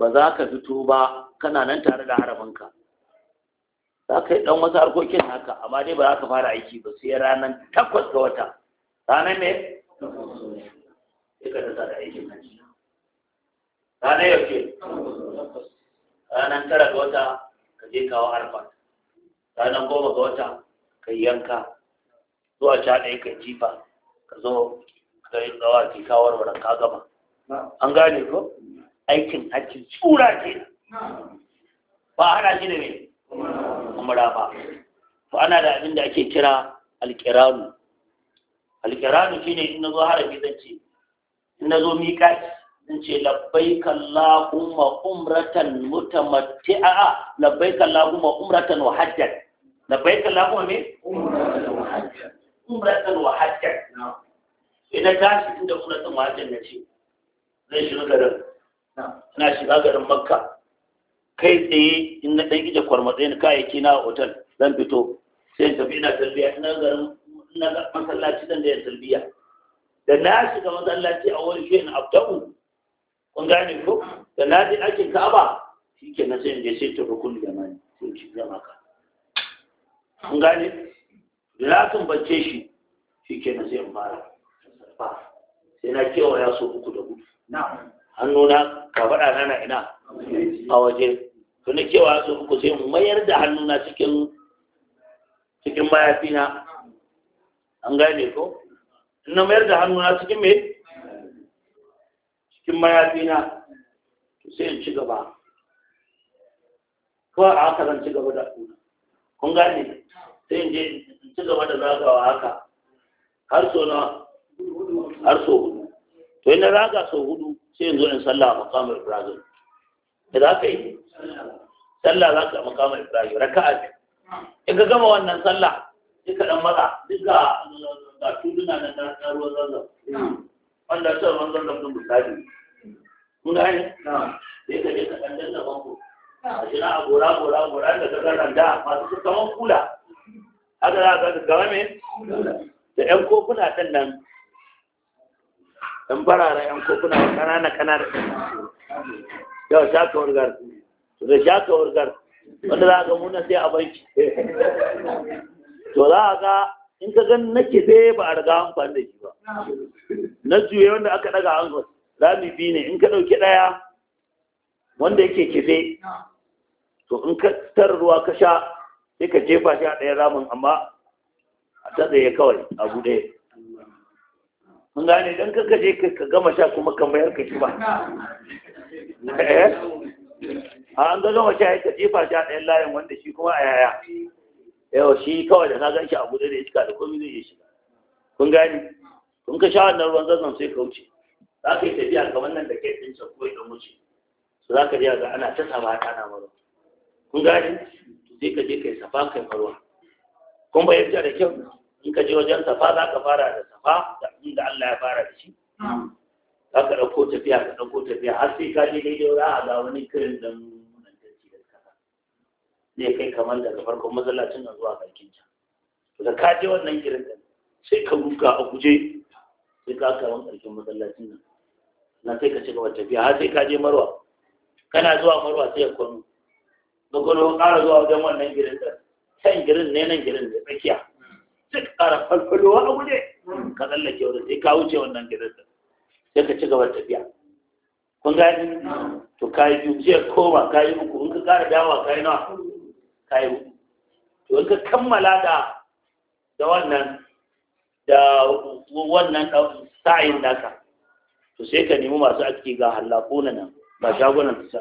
ba za ka fito ba kana nan tare da haraminka za ka yi ɗan wasu harkokin haka amma dai ba za ka fara aiki ba sai ranar takwas ga wata ranar ne ka da da aikin hajji ranar yauke ranar tara ga wata ka je kawo arfa ranar goma ga wata ka yi yanka zuwa sha ɗaya ka jifa ka zo ka yi tsawa kawo kawar ka gama an gane ko aikin hajji tsura kenan ba hana shi da me umra ba to ana da abin da ake kira alƙiranu alƙiranu shi in na zo harafi zan ce in na zo miƙaci zan ce labbai kallahumma umratan a labbai kallahumma umratan wa hajjar labbai kallahumma me umratan wa hajjan umratan wa hajjan idan ta shi inda umratan wa hajjar na ce zai shiga garin ina shiga garin makka kai tsaye in na ɗan ije kwarmatsayin kayayyaki na a otal zan fito sai tafi ina talbiya ina garin na masallaci dan da ya talbiya da na shiga masallaci a wani shi'in abda'u kun gane ko da na ji ake ka'aba shi ke na sai in je sai ta da mani sai shi zama ka kun gane da na shi shi ke na sai in fara sai na kewaya so uku da na hannuna ka faɗa na ina a waje to ne cewa su ku sai mu mayar da hannuna cikin cikin mayafina an gane ko na mayar da hannuna cikin me cikin mayafina sai in ci gaba ko a haka zan ci gaba da kuna kun gane sai in je in ci gaba da zagawa haka har so na har so hudu to ina zaga so hudu sai in zo in sallah a makamar brazil da za ka yi sallah za ka makama ibrahim raka'a ne in ka gama wannan sallah sai ka dan maza duk ga tuduna na na ruwan zanzan wanda ta ruwan zanzan din misali kun ga ne sai ka je ka dan danna banko a jira a gora gora gora da ka garanta masu kaman kula haka za ka ga me da yan kofuna din nan dan barara yan kofuna kanana kanana yau چا کورګر to da sha ka wanda za ga muna sai a banki to za a ga in ka gan na kife ba a riga amfani da shi ba na juye wanda aka daga hankali rami ne in ka ɗauki ɗaya wanda yake kife to in ka tar ruwa ka sha sai ka jefa shi a ɗaya ramin amma a tsaye kawai a buɗe. mun gane don kaka je ka gama sha kuma ka mayar ka shi ba Eh? a ah, an ga zama shayar da jefa sha ɗayan layin wanda shi kuma a yaya yau shi kawai da ka gan shi a buɗe da iska da komi zai iya shiga kun gani kun ka sha wannan ruwan zazzan sai ka wuce za ka yi tafiya kamar nan da ke ɗin sa kawai ka wuce su za ka je ga ana ta saba ta na maro kun gani sai ka je yi safa kai marwa kun bayyana da kyau in ka je wajen safa za ka fara da safa da inda Allah ya fara da shi hmm. za ka ɗauko tafiya ka ɗauko tafiya har sai ka je daidai za a ga wani kirin ɗan jirgi da kasa ne kai kamar daga farkon masallacin nan zuwa bakin can to da ka je wannan kirin da sai ka ruka a guje sai ka kawo ƙarshen masallacin nan na sai ka ci gaba tafiya har sai ka je marwa kana zuwa marwa sai ya kwano da kwano ƙara zuwa wajen wannan girin da can girin ne nan girin da tsakiya sai ka ƙara falfalowa a guje ka tsallake wani sai ka wuce wannan girin ɗin sai ka ci gaba tafiya kun gani to ka yi biyu koma ka yi uku in ka kara dawa ka yi nawa ka yi uku to in ka kammala da da wannan da wannan sa'in naka to sai ka nemi masu aski ga hallako na nan ba shagunan su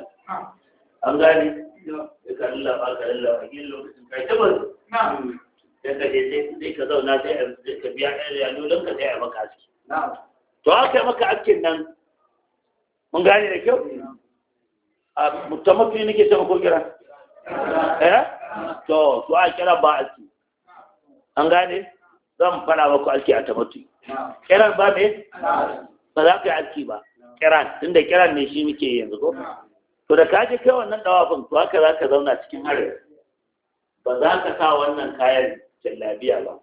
an gani. ya ka lallaba ka lallaba a yin lokacin kai tabbas sai ka je sai ka zauna sai ka biya ɗaya da yalo don ka sai a maka aski to haka maka askin nan mun gane da kyau a mutamafi nake ta ko kira eh to to a kira ba a ci. an gane zan fara maku aiki a tabbatu kiran ba ne ba za ka yi aiki ba kiran tunda kiran ne shi muke yanzu ko to da ka je kai wannan dawafin to haka za ka zauna cikin harin ba za ka sa wannan kayan jallabiya ba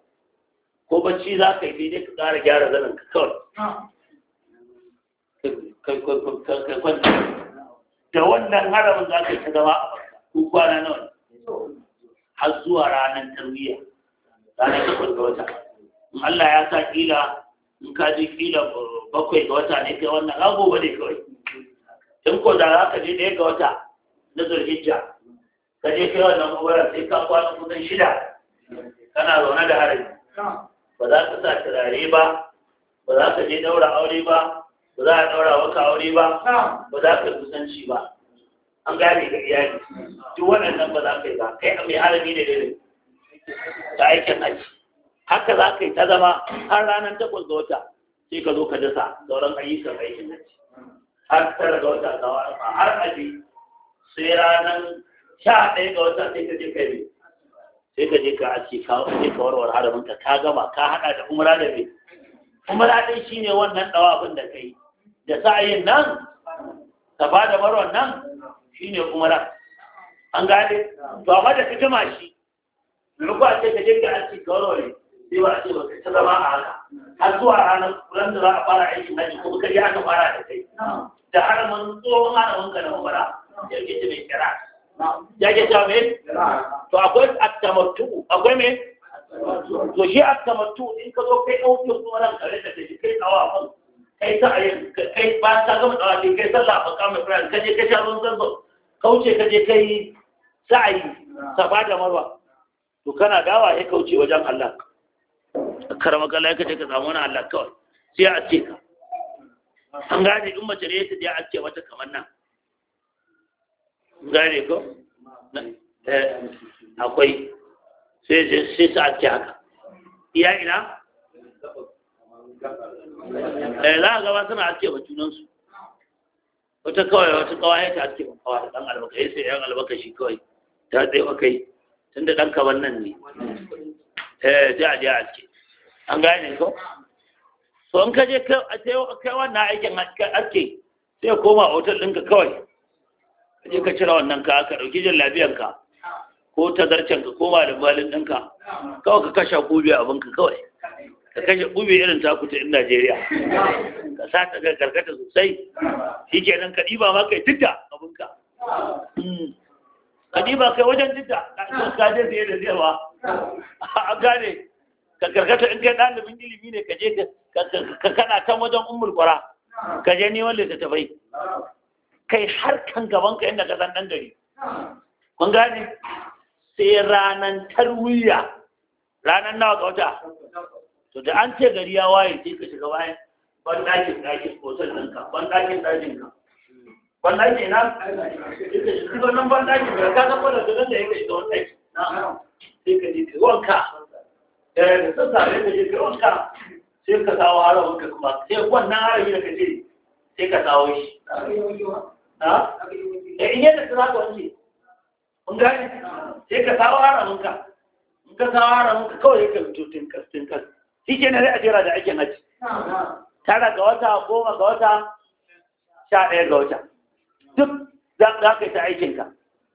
ko bacci za ka yi ne ka ƙara gyara zanen ka kawai ah. da wannan haramin za ka yi ta zama a barka kwana nawa har zuwa ranar tarbiyya ranar takwas ga wata in Allah ya sa kila in ka ji kila bakwai ga wata ne kai wannan ga gobe ne kawai in ko da za ka je ɗaya ga wata na zulhijja ka je kai wannan mubarak sai ka kwana kusan shida kana zaune da harin ah. ba za ka sa turare ba ba za ka je daura aure ba ba za a daura maka aure ba ba za ka kusanci ba an gane ga iyali duk waɗannan ba za ka yi ba kai mai harami ne dare ta aikin haji haka za ka yi ta zama har ranar takwas ga wata sai ka zo ka dasa sauran ayyukan aikin haji har tara ga wata zawa har aji sai ranar sha ɗaya ga wata sai ka je kai sai ka je ka ake ka ka warware haramin ka ka gama ka hada da umara da bai umara dai ne wannan dawafin da kai da sa'ayin nan ta ba da marwan nan shi ne umara an gane to amma da ka gama shi duk ce sai ka je ka ake ka warware sai ba ce ba ka ta zama a haka har zuwa ranar kuran da za a fara aikin haji kuma ka yi aka fara da kai da haramun tsohon haramin ka na umara ya ke ta mai kira ya ke me to akwai attamattu akwai me to shi attamattu in ka zo kai ɗaukin tsoron kare da kai kai tsawa kai ta kai ba ta gama tsawa kai sallah ba kama fara ka je kai sha ruwan zanzan kauce ka je kai sa'ayi safa da marwa to kana dawa ya kauce wajen Allah karama kala ya kace ka samu wani Allah kawai sai a ce ka an gane in mace ne ta je a ce mata kamar nan gane ko eh, akwai sai sai su ake haka iya ina eh za a gaba suna ake wa junansu wata kawai wata kawai ta ake wa da dan albaka sai yan albaka shi kawai ta tsaye kai tunda dan ka nan ne eh ja a ake an gane ko to an kaje kai kai wannan aikin ake sai koma otal ɗinka kawai Kaje ka cira wannan ka ka dauki jin ka, ko tazarcenka ko malin malin ɗinka kawai ka kashe a abinka kawai ka kashe gobe irin taku ta in najeriya ka sa ta karkata sosai shi ke ka ɗiba ma kai tidda abinka ka ɗiba kai wajen tidda ka je zai da zai ba a gane ka karkata in kai ɗalibin ilimi ne ka je ka kana ta wajen umar kwara ka je neman littattafai kai har kan gaban ka inda ka san dan gari kun gane sai ranan tarwiya ranan nawa ga wata to da an ce gari ya waye sai ka shiga bayan ban ɗakin ɗakin hotel ka ban ɗakin ɗakin ka ban ɗakin na shiga nan ban ɗakin ka ka ga kwallon da nan da ya ka shiga wani ɗaki sai ka ji ka wanka eh, da sassafe ka je ka wanka sai ka kawo harawanka kuma sai wannan haro da ka ce sai ka tawo shi ha da in yadda su za ka wanke mun gane sai ka sawa haramunka in ka sawa haramunka kawai ka fito tinkas tinkas shi ke na zai a jera da aikin hajji tara ga wata goma ga wata sha ɗaya ga wata duk za ka yi ta aikinka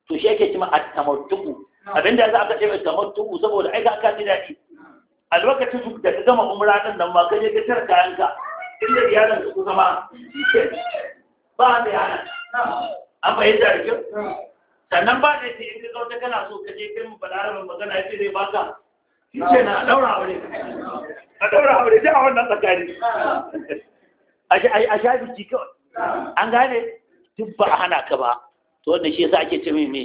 to shi ake cima a tamattuku abinda za a ce mai tamattuku saboda aika aka ji daɗi a lokacin duk da ka gama umra ɗin nan ma ka je ka tara kayanka inda iyalan ka kusa ma shi ba da yana an fahimta da kyau sannan ba da yake in ka zauta kana so ka je kai mu balarabin magana ya ce zai baka shi ce na daura aure a daura aure sai a wannan tsakani a sha biki kawai an gane duk ba a hana ka ba to wannan shi yasa ake ce mai me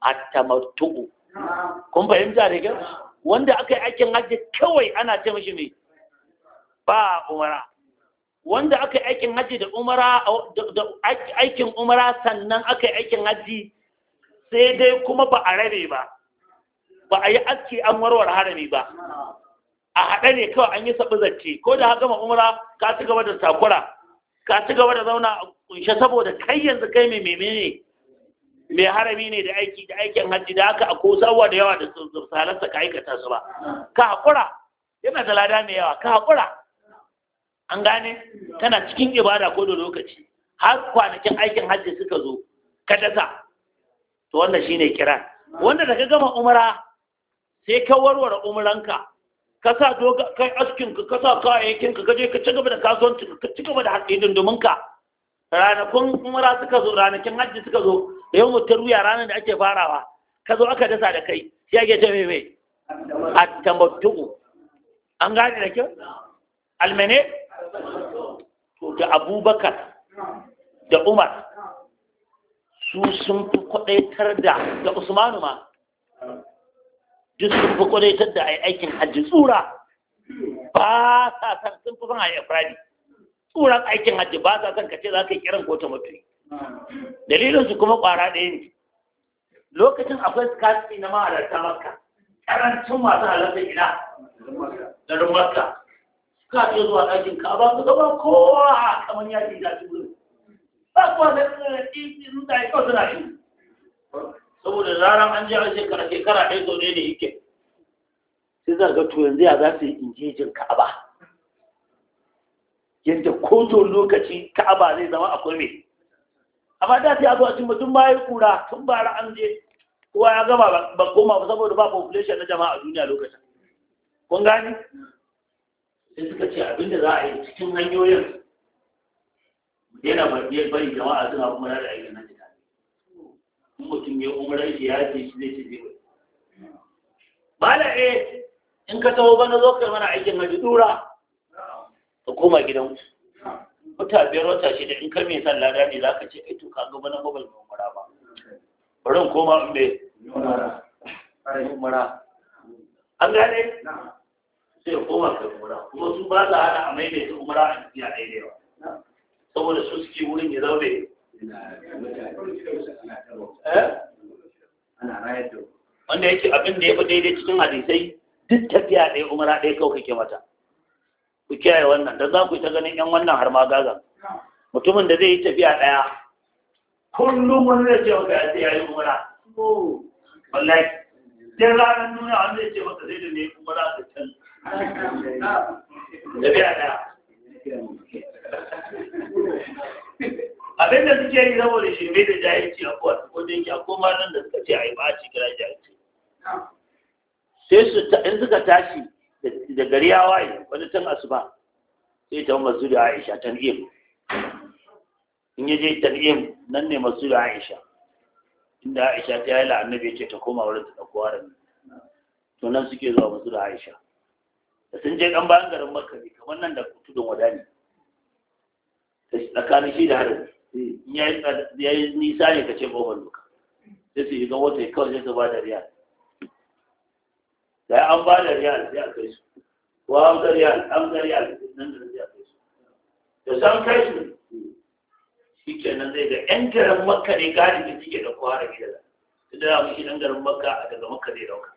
attamattu kun fahimta da kyau wanda aka yi aikin hajji kawai ana ce mishi me ba umara wanda aka yi aikin haji da umara da aikin umara sannan aka yi aikin haji sai dai kuma ba a rabe ba ba a yi aski an warware harami ba a haɗe ne kawai an yi saɓi zarce ko da haka ma umara ka ci gaba da takura ka ci gaba da zauna a kunshe saboda kai yanzu kai mai menene mai harami ne da aiki da aikin hajji da haka a kosawa da yawa da halarta ka aikata su ba ka haƙura yana da lada mai yawa ka haƙura an gane kana cikin ibada ko da lokaci har kwanakin aikin hajji suka zo ka dasa to wannan shine kira wanda da ka gama umra sai ka warware umranka ka sa doga kai askin ka sa kayayyakin ka kaje ka ci gaba da kasuwanci ka ci gaba da haɗe dindumin ka ranakun umra suka zo ranakin hajji suka zo yau wuya ranar da ake farawa ka zo aka dasa da kai sai ake ta meme mai at an gane da kyau almene to da abubakar da umar su sun fi kwadaitar da da usmanu ma duk sun fi kwadaitar da aikin hajji tsura ba sa san sun fi son a yi tsuran aikin hajji ba sa san kace za ka yi kiran ko ta mutu dalilin su kuma kwara ɗaya ne lokacin akwai scarcity na mahalarta makka karancin masu halatta ina da makka ka iya zuwa ɗakin ka ba su zama kowa a kamar yaƙi da shi wurin ba kuwa eh, eh, da ɗin mutane kawai suna shi saboda zaran an je an shekara shekara ɗaya sau ne ne yake sai za ga to yanzu ya za su yi injejin ka'aba yadda kotun lokaci ka'aba zai zama a kurme amma da ta zuwa cin mutum ba ya kura tun ba an je kowa ya gama ba koma ba saboda ba population na jama'a a duniya lokacin kun gani sai suka ce abinda za a yi cikin hanyoyin yana barbiyar bari jama'a suna umara da nan da tare in mutum ya umarar shi ya ce shi zai ce zai ba da eh, in ka taho bana zo kai mana aikin hajji dura ka koma gidan wata biyar wata da in ka mai san lada ne za ka ce ai to ka gaba na mabal mai umara ba bari in koma in bai umara an gane sai ya koma ka umra kuma su ba za hana a maimaita umura a tafiya da ba saboda su suke wurin ya zaune eh? wanda yake abin da ya fi daidai cikin hadisai duk tafiya ɗaya umara ɗaya kawai kake mata ku kiyaye wannan da za ku ta ganin yan wannan har ma gaza mutumin da zai yi tafiya ɗaya kullum wani zai ce maka ya ce ya yi umara oh. wallahi sai ranar nuna wani zai ce maka zai da ne umara da canza abin da suke yi saboda shirme da jahilci a kowace kodin ya koma nan da suka ce a yi ci kira jahilci sai su in suka tashi da gari ya waye wani tun asuba sai ta masu da aisha tan'im in yaje tan'im nan ne masu da aisha inda aisha ta yi la'annabi ce ta koma wurin ta ɗauko harin to nan suke zuwa masu da aisha da sun je ɗan bayan garin makka ne kamar nan da tudun wada ne tsakanin shi da harin ya yi nisa ne ka ce kofar duka sai su yi ga wata kawai zai su ba da riyal da an ba da riyal sai a kai su ko an ga riyal an ga riyal nan da sai a kai su da san kai su shi nan zai ga yan garin makka ne gadi ne suke da kwara gida da da mu shi ɗan garin makka a daga makka da dauka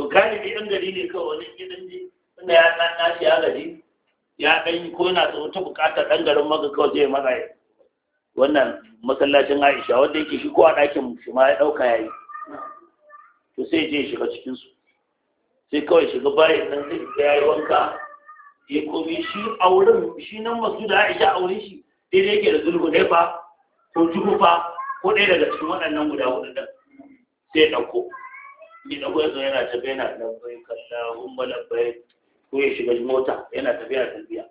to galibi ɗan gari ne kawai wani gidan ji tunda ya ɗan nashi ya gari ya ɗan yi ko yana da ta buƙatar ɗan garin maka kawai zai maza ya wannan masallacin aisha wanda yake shi ko a ɗakin shi ma ya ɗauka ya yi to sai je shiga cikinsu sai kawai shiga bayan nan zai ya yi wanka ya komi shi a wurin shi nan masu da aisha a wurin shi daidai yake da zulhu ne fa ko juhu fa ko ɗaya daga cikin waɗannan guda hudu ɗin sai ya ɗauko shi da yana tafiya na labbai kalla, umma labbai ko ya shiga mota yana tafiya tafiya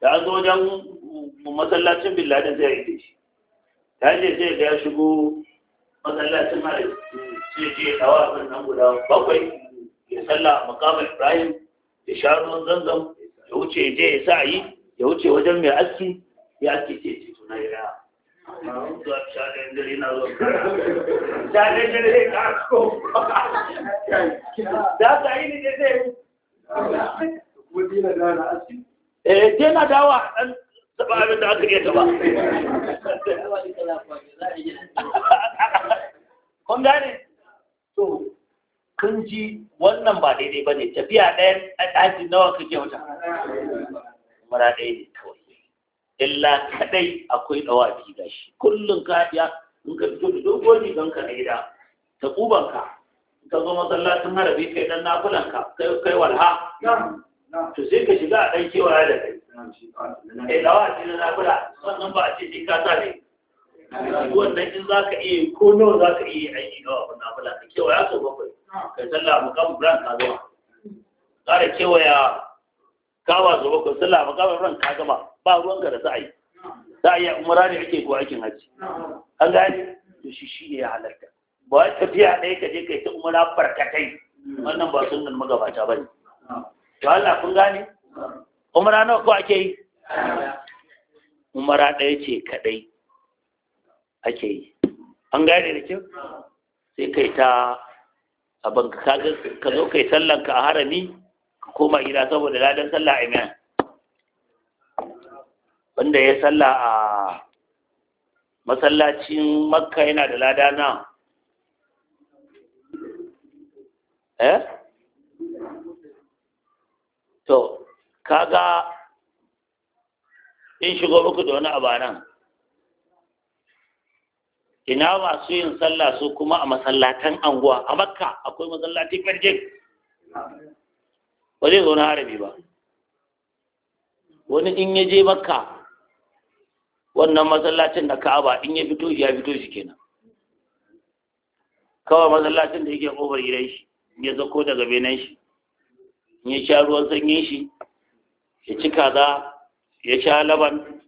da an zo wajen masallacin billadin zai yi shi ta je sai ga ya shigo masallacin mai sai je dawa abin nan guda bakwai ya salla makamar ibrahim ya sha ruwan zanzam ya wuce ya je ya sa yi ya wuce wajen mai aski ya aski ce ce suna yana zuwa shaɗin dare na dawa ɗan taɓa abin da aka iya kun gane to kun ji wannan ba daidai ba ne tafiya ɗaya a nawa kake wuta mara ɗaya ne kawai illa kadai akwai dawafi gashi kullun ka in ka fito da dogon rigan ka na gida ta kubanka ka zo masallacin harabi kai dan nafulan ka kai kai walha to sai ka shiga a dan kewaya da kai eh dawafi na nafula wannan ba a ce sai ka sa ne wannan in za ka iya ko nawa za ka iya aiki ga wafin nafila ka kewaya sau bakwai kai sallah mu kan buran ka zuwa ƙara kewaya kawa ba ko sallah ba kawai ran ka gama ba ruwan ka da a yi umara ne ake ko aikin haji an gane to shi shi ne ya halarta ba tafiya ɗaya ka je kai ta umara barkatai wannan ba nan magabata ne. to Allah kun gane umara nawa ko ake yi umara ɗaya ce kaɗai ake yi an gane da kyau sai kai ta abin ka zo kai sallanka a harami koma gida saboda ladan sallah a miyan wanda ya sallah a masallacin makka yana da lada na eh to kaga in shigo muku da wani abanan ina masu yin sallah su kuma a masallatan anguwa a makka akwai masallacin farjin ba zai zauna harami ba wani in ya je makka wannan masallacin da ka'aba in ya fito ya fito shi kenan kawai masallacin da yake kofar gidan shi in ya zako daga benin shi in ya sha ruwan sanyin shi ya ci kaza ya sha laban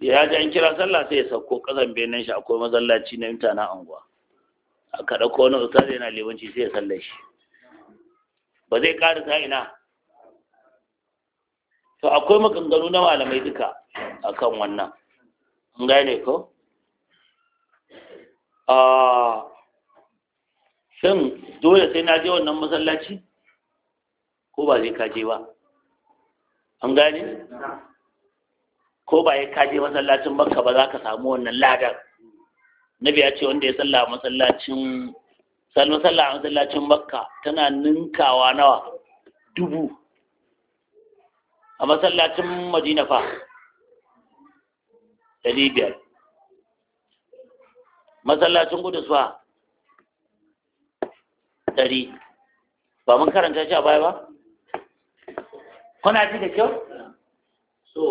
ya yaji an kira sallah sai ya sauko kasan benin shi akwai masallaci na mutane anguwa a kaɗa ko wani ustaz yana lebanci sai ya sallar shi ba zai karisa ina to akwai maganganu na malamai duka akan wannan An gane ko a ah, shin dole sai na je wannan masallaci ko ba zai kaje ba an gane ko ba ya kaje masallacin bakka ba za ka samu wannan ladar nabi ya ce wanda ya tsalla masallacin salma sallah a masallacin makka tana ninkawa nawa dubu a masallacin madina fa ɗari biyar masallacin gudus fa ɗari ba mun karanta shi a baya ba kuna ji da kyau so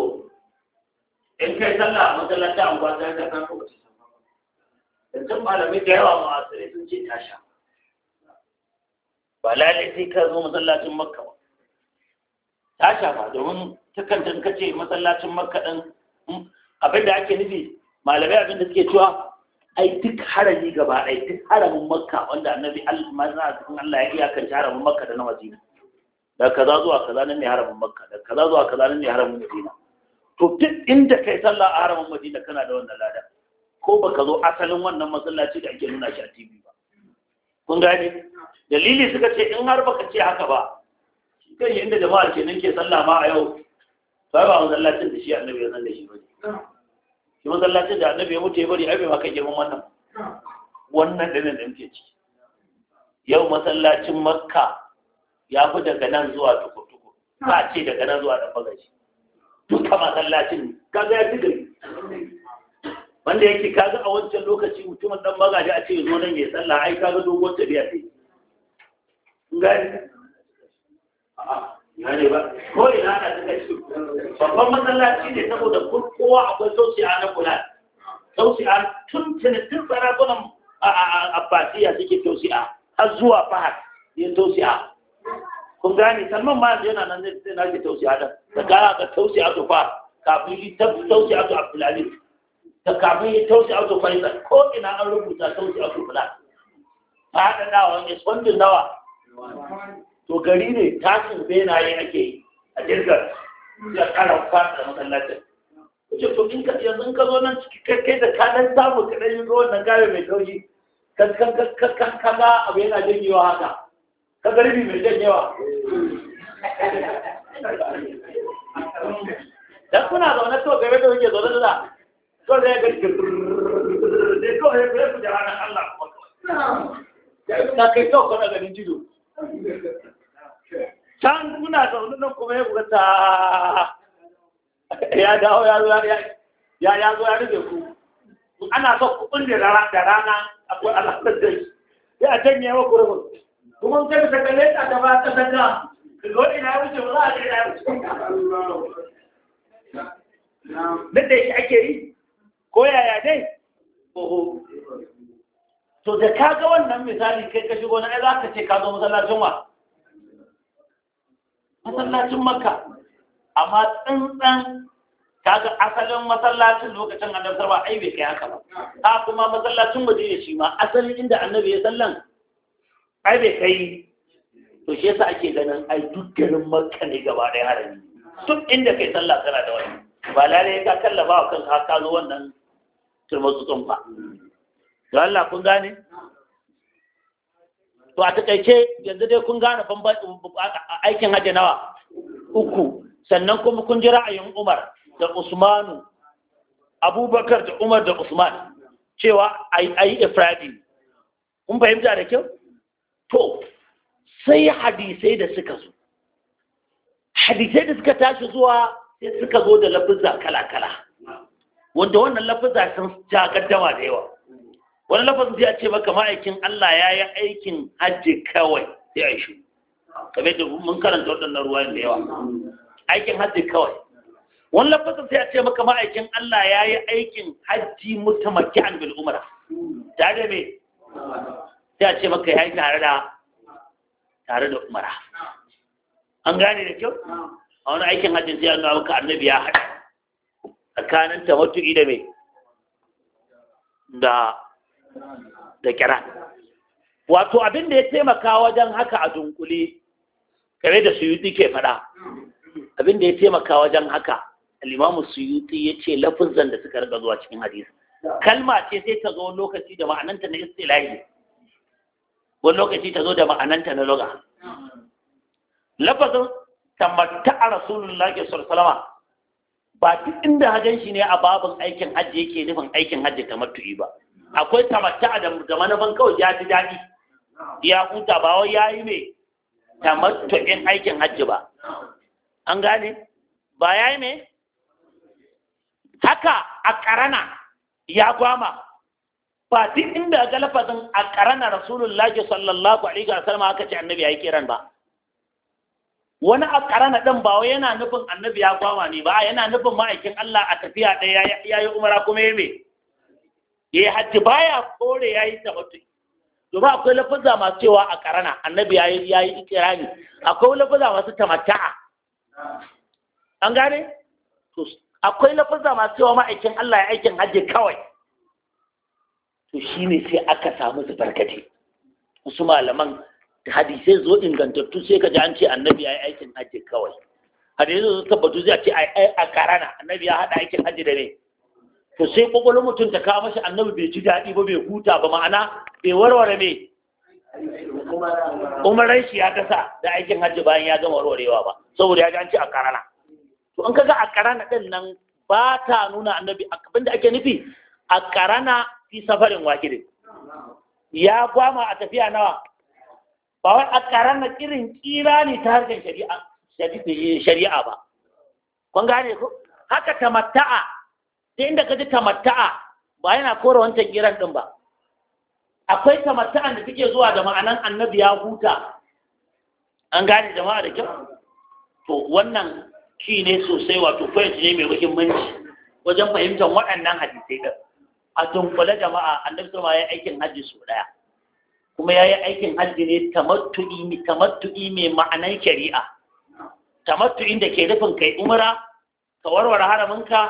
in kai sallah a masallacin anguwa ta ta kan kuma yanzu malamai da yawa ma'asirai sun ce tasha ba lalai sai ka zo masallacin makka ba ta shafa domin takan tankace masallacin makka ɗin mm, da ake nufi malamai abin da suke cewa ai duk harami gaba ɗaya duk haramin makka wanda annabi almanza cikin Allah ya kan haramin makka da na madina da kaza zuwa kaza nan ne haramin makka da kaza zuwa kaza nan ne haramin madina to duk inda kai sallah a haramin madina kana da wannan lada ko baka zo asalin wannan masallaci da ake nuna shi a TV ba kun gani dalili suka ce in har baka ce haka ba kan yi inda jama'ar ke nan ke sallah ma a yau sai ba masallacin da shi annabi ya san shi ba shi masallacin da annabi ya mutu ya bari abin haka girman wannan wannan ɗanin da muke ciki yau masallacin makka ya fi daga nan zuwa tukutuku, ba ce daga nan zuwa da bagashi duka masallacin kaga ya fi gari wanda yake kaga a wancan lokaci mutumin dan magaji a ce zo nan ya sallah ai kaga dogon tafiya ce gani a'a ne ba ko ina ana da kashi babban masallaci ne saboda kowa akwai sauci a na kula sauci a tun tun sarakunan abbasiya suke sauci a har zuwa fahad ya sauci a kun gane salman ma yana nan zai na ke sauci a da da gara ga sauci a fa kafin shi sauci a to abdulaziz da kafin tausi auto faisal ko ina an rubuta tausi auto fulan nawa ne spondin nawa to gari ne tashin benaye ake yi a jirgar da karan fata masallacin kuce to in ka yanzu ka zo nan ciki kai da ka dan samu ka dan yin wannan gabe mai taushi ka ka ka ka ga abu yana janyewa haka ka garbi mai janyewa [LAUGHS] dan kuna zaune to gare da kuke zaune da to da ya ga da to ya ga ku da Allah kuma da ina kai kawai kana ganin jido can kuna zaune nan kuma ya kuka ya dawo ya zo ya ya zo ya rufe ku ana so ku da rana akwai alaƙar da shi sai a janye wa kuma kai ta kalle ta ta ta saka ko ina ya wuce ba za a ga ina ya wuce da shi ake yi ko yaya dai oho to da kaga wannan misali kai ka shigo na za ka ce ka zo masallacin wa masallacin makka amma tsantsan kaga asalin masallacin lokacin annabi sarwa ai bai kai haka ba A kuma masallacin madina shi ma asalin inda annabi ya sallan ai bai kai to shi yasa ake ganin ai duk garin makka ne gaba ɗaya harami duk inda kai sallah kana da wani ba lalle ka kallaba wa kanka ka zo wannan su tsumfa to Allah kun gane to a takaice yanzu dai kun gane aikin hajji nawa uku sannan kuma kun ji ra'ayin Umar da Usmanu Abubakar da Umar da Usman cewa ayi ifradi kun fahimta da kyau to sai hadisai da suka zo hadisai da suka tashi zuwa sai suka zo da lafuzza kala-kala wanda wannan lafaza sun ja gaddama da yawa wani lafazin ya ce maka ma'aikin Allah ya yi aikin hajji kawai ya yi shi kamar da mun karanta waɗannan ruwayen da yawa aikin hajji kawai wani lafazin ya ce maka ma'aikin Allah ya yi aikin hajji mutamaki an bil umara ta da me ya ce maka ya yi tare da tare da umara an gane da kyau a wani aikin hajji sai ya nuna maka annabi ya haɗa tsakanin tamattu'i da mai da da kira wato abin da ya taimaka wajen haka a dunkule kare da suyuti ke faɗa abin da ya taimaka wajen haka al'imamu suyuti ya ce lafizan da suka riga zuwa cikin hadis kalma ce sai ta zo lokaci da ma'ananta na istilahi wani lokaci ta zo da ma'ananta na loga lafazin tamatta a rasulullahi sallallahu alaihi wasallam ba duk inda hagan shi ne a babin aikin hajji yake nufin aikin hajji ta matu'i ba akwai tamatta da da manufan kawai ya ji daɗi ya huta ba wai yayi ta tamattu'in aikin hajji ba an gane ba yayi mai? haka a karana ya gwama ba duk inda ga lafazin a karana rasulullahi sallallahu alaihi wasallam aka ce annabi yayi kiran ba wani a karana ɗin ba wai yana nufin annabi ya kwama ne ba yana nufin ma'aikin Allah a tafiya ɗaya ya yi umara kuma ya me ya yi hajji ya kore ya yi tabbatu domin akwai lafaza masu cewa a karana annabi ya yi ikirani akwai lafaza masu tamata'a. an gane akwai lafaza masu cewa ma'aikin Allah ya aikin hajji kawai to shine sai aka samu zubarkati wasu malaman hadisai zo ingantattu sai ka ji an ce annabi ya yi aikin hajji kawai hadisai zo tabbatu zai ce a karana annabi ya haɗa aikin hajji da ne to sai kwakwalwar mutum ta kawo mashi annabi bai ci daɗi ba bai huta ba ma'ana bai warware me umarai shi ya kasa da aikin hajji bayan ya gama warwarewa ba saboda ya ji an ce a karana to in kaga a karana ɗin nan ba ta nuna annabi abinda ake nufi a karana fi safarin wakilin ya kwama a tafiya nawa ba wai a na irin kira ne ta harkar shari'a ba kun gane ku? haka tamatta'a sai inda ka ji tamatta'a ba yana kora wancan kiran ɗin ba akwai tamatta'an da suke zuwa da ma'anan annabi ya huta an gane jama'a da kyau to wannan shi ne sosai wato point ne mai muhimmanci wajen fahimtar waɗannan hadisai ɗin. a tunkule jama'a annabi ya aikin hajji su ɗaya kuma ya yi aikin hajji ne tamattu'i mai ma'anar shari'a tamattu'in da ke nufin kai umara ka warware haraminka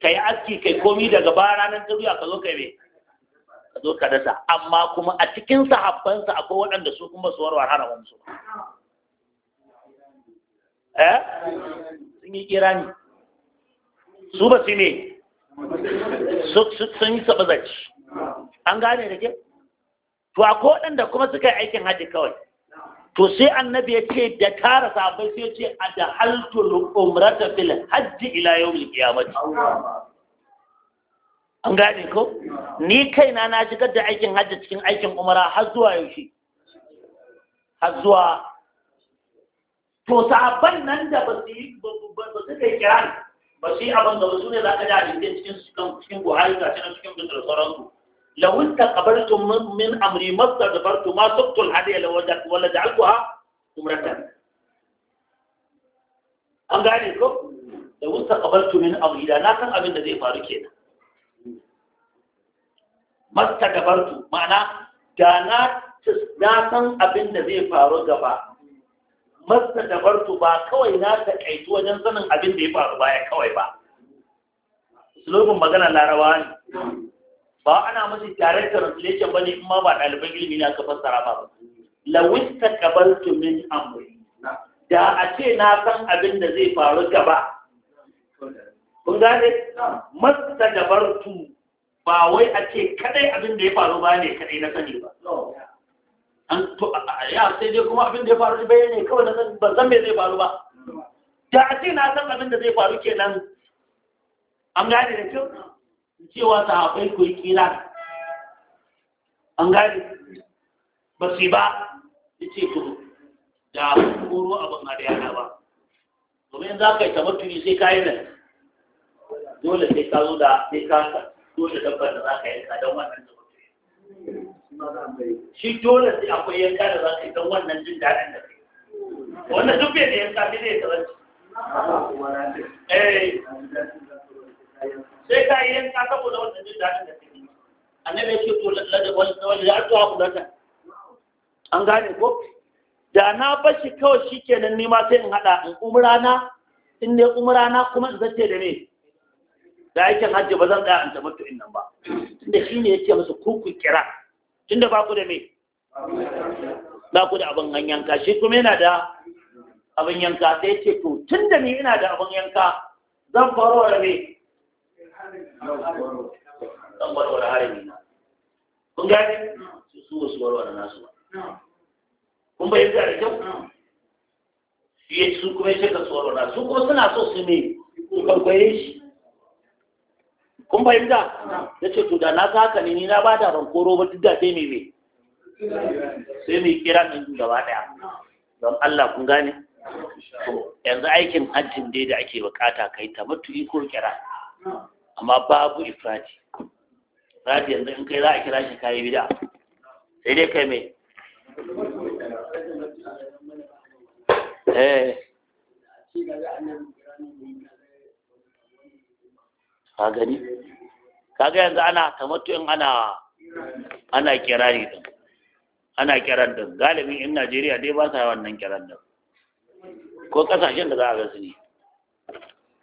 ka yi aski kai komi daga baya ranar taruya ka zo kai mai ka zo ka dasa amma kuma a cikin sahabbansa akwai waɗanda su kuma su warware haraminsu eh sun yi ne su ba su ne sun yi saba zaci an gane da ke to a koɗan da kuma suka yi aikin haji kawai to sai annabi ya ce da tara sahabbai sai ce a da haltul umrata fil hajji ila yawmil qiyamati an gane ko ni kaina na shigar da aikin hajji cikin aikin umara har zuwa yaushe har zuwa to sahabban nan da ba su yi ba su kai kiran ba su yi abin da wasu ne za ka ji hadisin cikin cikin cikin buhari ga cikin cikin bin sauransu lawun ta kabartu min amri masta da bartu ma sabtul hadiya la wajat wala ja'altuha umratan an gane ko lawun ta kabartu min amri da na san abin da zai faru kenan masta da bartu ma'ana da na san abin da zai faru gaba masta da bartu ba kawai na taƙaitu wajen sanin abin da ya faru baya kawai ba sulobin magana larawa ne ba ana mashi tare da translation ba ne in ma ba ɗaliban ilimi ne aka fassara ba lawista kabaltu min amri da a ce na san abin da zai faru gaba kun gane masta da bartu ba wai a ce kadai abin da ya faru ba ne kadai na sani ba an to ya sai dai kuma abin da ya faru bai ne kawai da ban san me zai faru ba da ce na san abin da zai faru kenan an gane da kyau cewa sahabbai ku yi kira an gane ba su ba ya ce to da abin koro abin da yana ba domin za ka yi tamaturi sai ka yi nan dole sai ka zo da sai ka dole dabbar da za ka yi yanka don wannan tamaturi shi dole sai akwai yanka da za ka yi don wannan jin daɗin da kai wannan duk bai da yanka ne zai taranci sai ka yi yanka saboda wannan jin daɗin da kai annabi ya ce to lallada wani ya tuwa kulata an gane ko da na bashi kawai shi kenan ni ma sai in haɗa in umrana in ne umrana kuma in zace da me da aikin hajji ba zan tsaya in tabbatu in nan ba tunda shine yake masa kuku kira tunda ba ku da me ba ku da abin yanka shi kuma yana da abin yanka sai ce to tunda ni ina da abin yanka zan faro da me zan da harami na kun gane su su wasu warware nasu ba kun bayan da kyau shi su kuma ya ce ka su warware su kuma suna so su ne kwaikwaye shi kun fahimta ya ce to da na saka ne ni na ba da rankoro ba duk da sai mai mai sai mai kira da gaba daya don Allah kun gane yanzu aikin hajjin dai da ake bukata kai ta mutu ko kira amma babu ifrati ifrati yanzu in kai za a kira shi kayi bida sai dai kai mai eh ka gani kaga yanzu ana in ana ana kirari din ana kiran din galibin in Najeriya dai ba sa wannan kiran din ko kasashen da za a ga su ne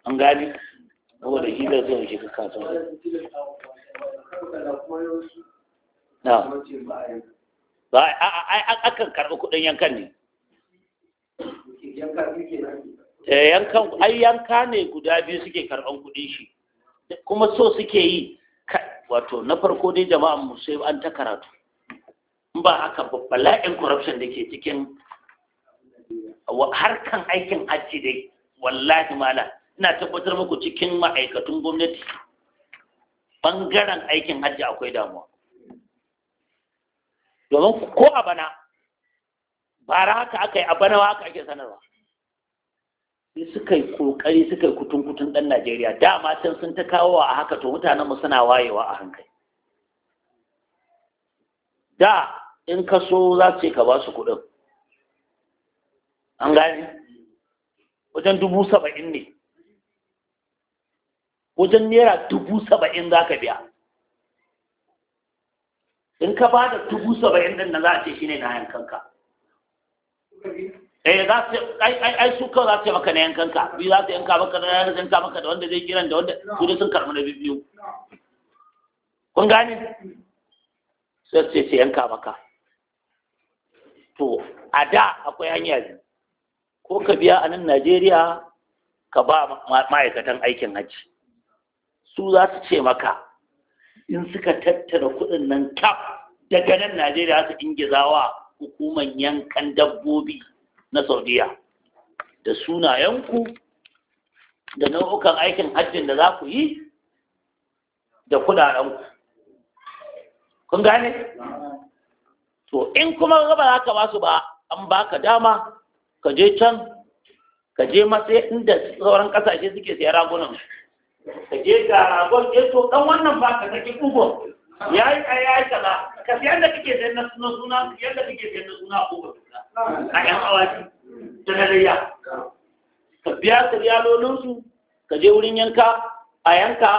an gani ko da da zai shi kasuwa na ba ai akan karɓi kuɗin yankan ne eh, yankan ai yanka ne guda biyu suke karɓan kuɗin shi kuma so suke yi wato na farko dai jama'an mu sai an ta karatu in ba haka bala'in corruption da ke cikin harkan aikin hajji dai wallahi mala ina tabbatar muku cikin ma'aikatun gwamnati bangaren aikin hajji akwai damuwa domin ko a bana bara haka aka yi a bana haka ake sanarwa sai suka yi kokari suka yi kutun kutun dan Najeriya da matan sun ta kawo a haka to mutanen mu suna wayewa a hankali da in ka so za ce ka ba su kuɗin an gane wajen dubu saba'in ne wajen naira dubu saba'in za ka biya in ka ba da dubu saba'in ɗin na za a ce shi ne na yankanka eh za su ai ai ai su kawai za su maka na yankan ka biyu za su yanka maka na yankan yanka maka da wanda zai kiran da wanda su dai sun karɓi na biyu kun gane sai su ce su yanka maka to a da akwai hanya biyu ko ka biya a nan Najeriya ka ba ma'aikatan aikin hajji su za su ce maka in suka tattara kuɗin nan kaf daga nan Najeriya su ingizawa hukuman yankan dabbobi na saudiya da sunayenku da nau'ukan aikin hajjin da za ku yi da kudadenku kun gane to in kuma raba za ka basu ba an baka dama ka je can ka je matsayi inda sauran kasashe suke siya ragunan ka je ga ragon ya eh to dan wannan ba ka saki ugo ya yi a ya yi kaza ka siyan da kake na suna da kake na suna ko suna a yan awaki da na layya ka biya su ka je wurin yanka a yanka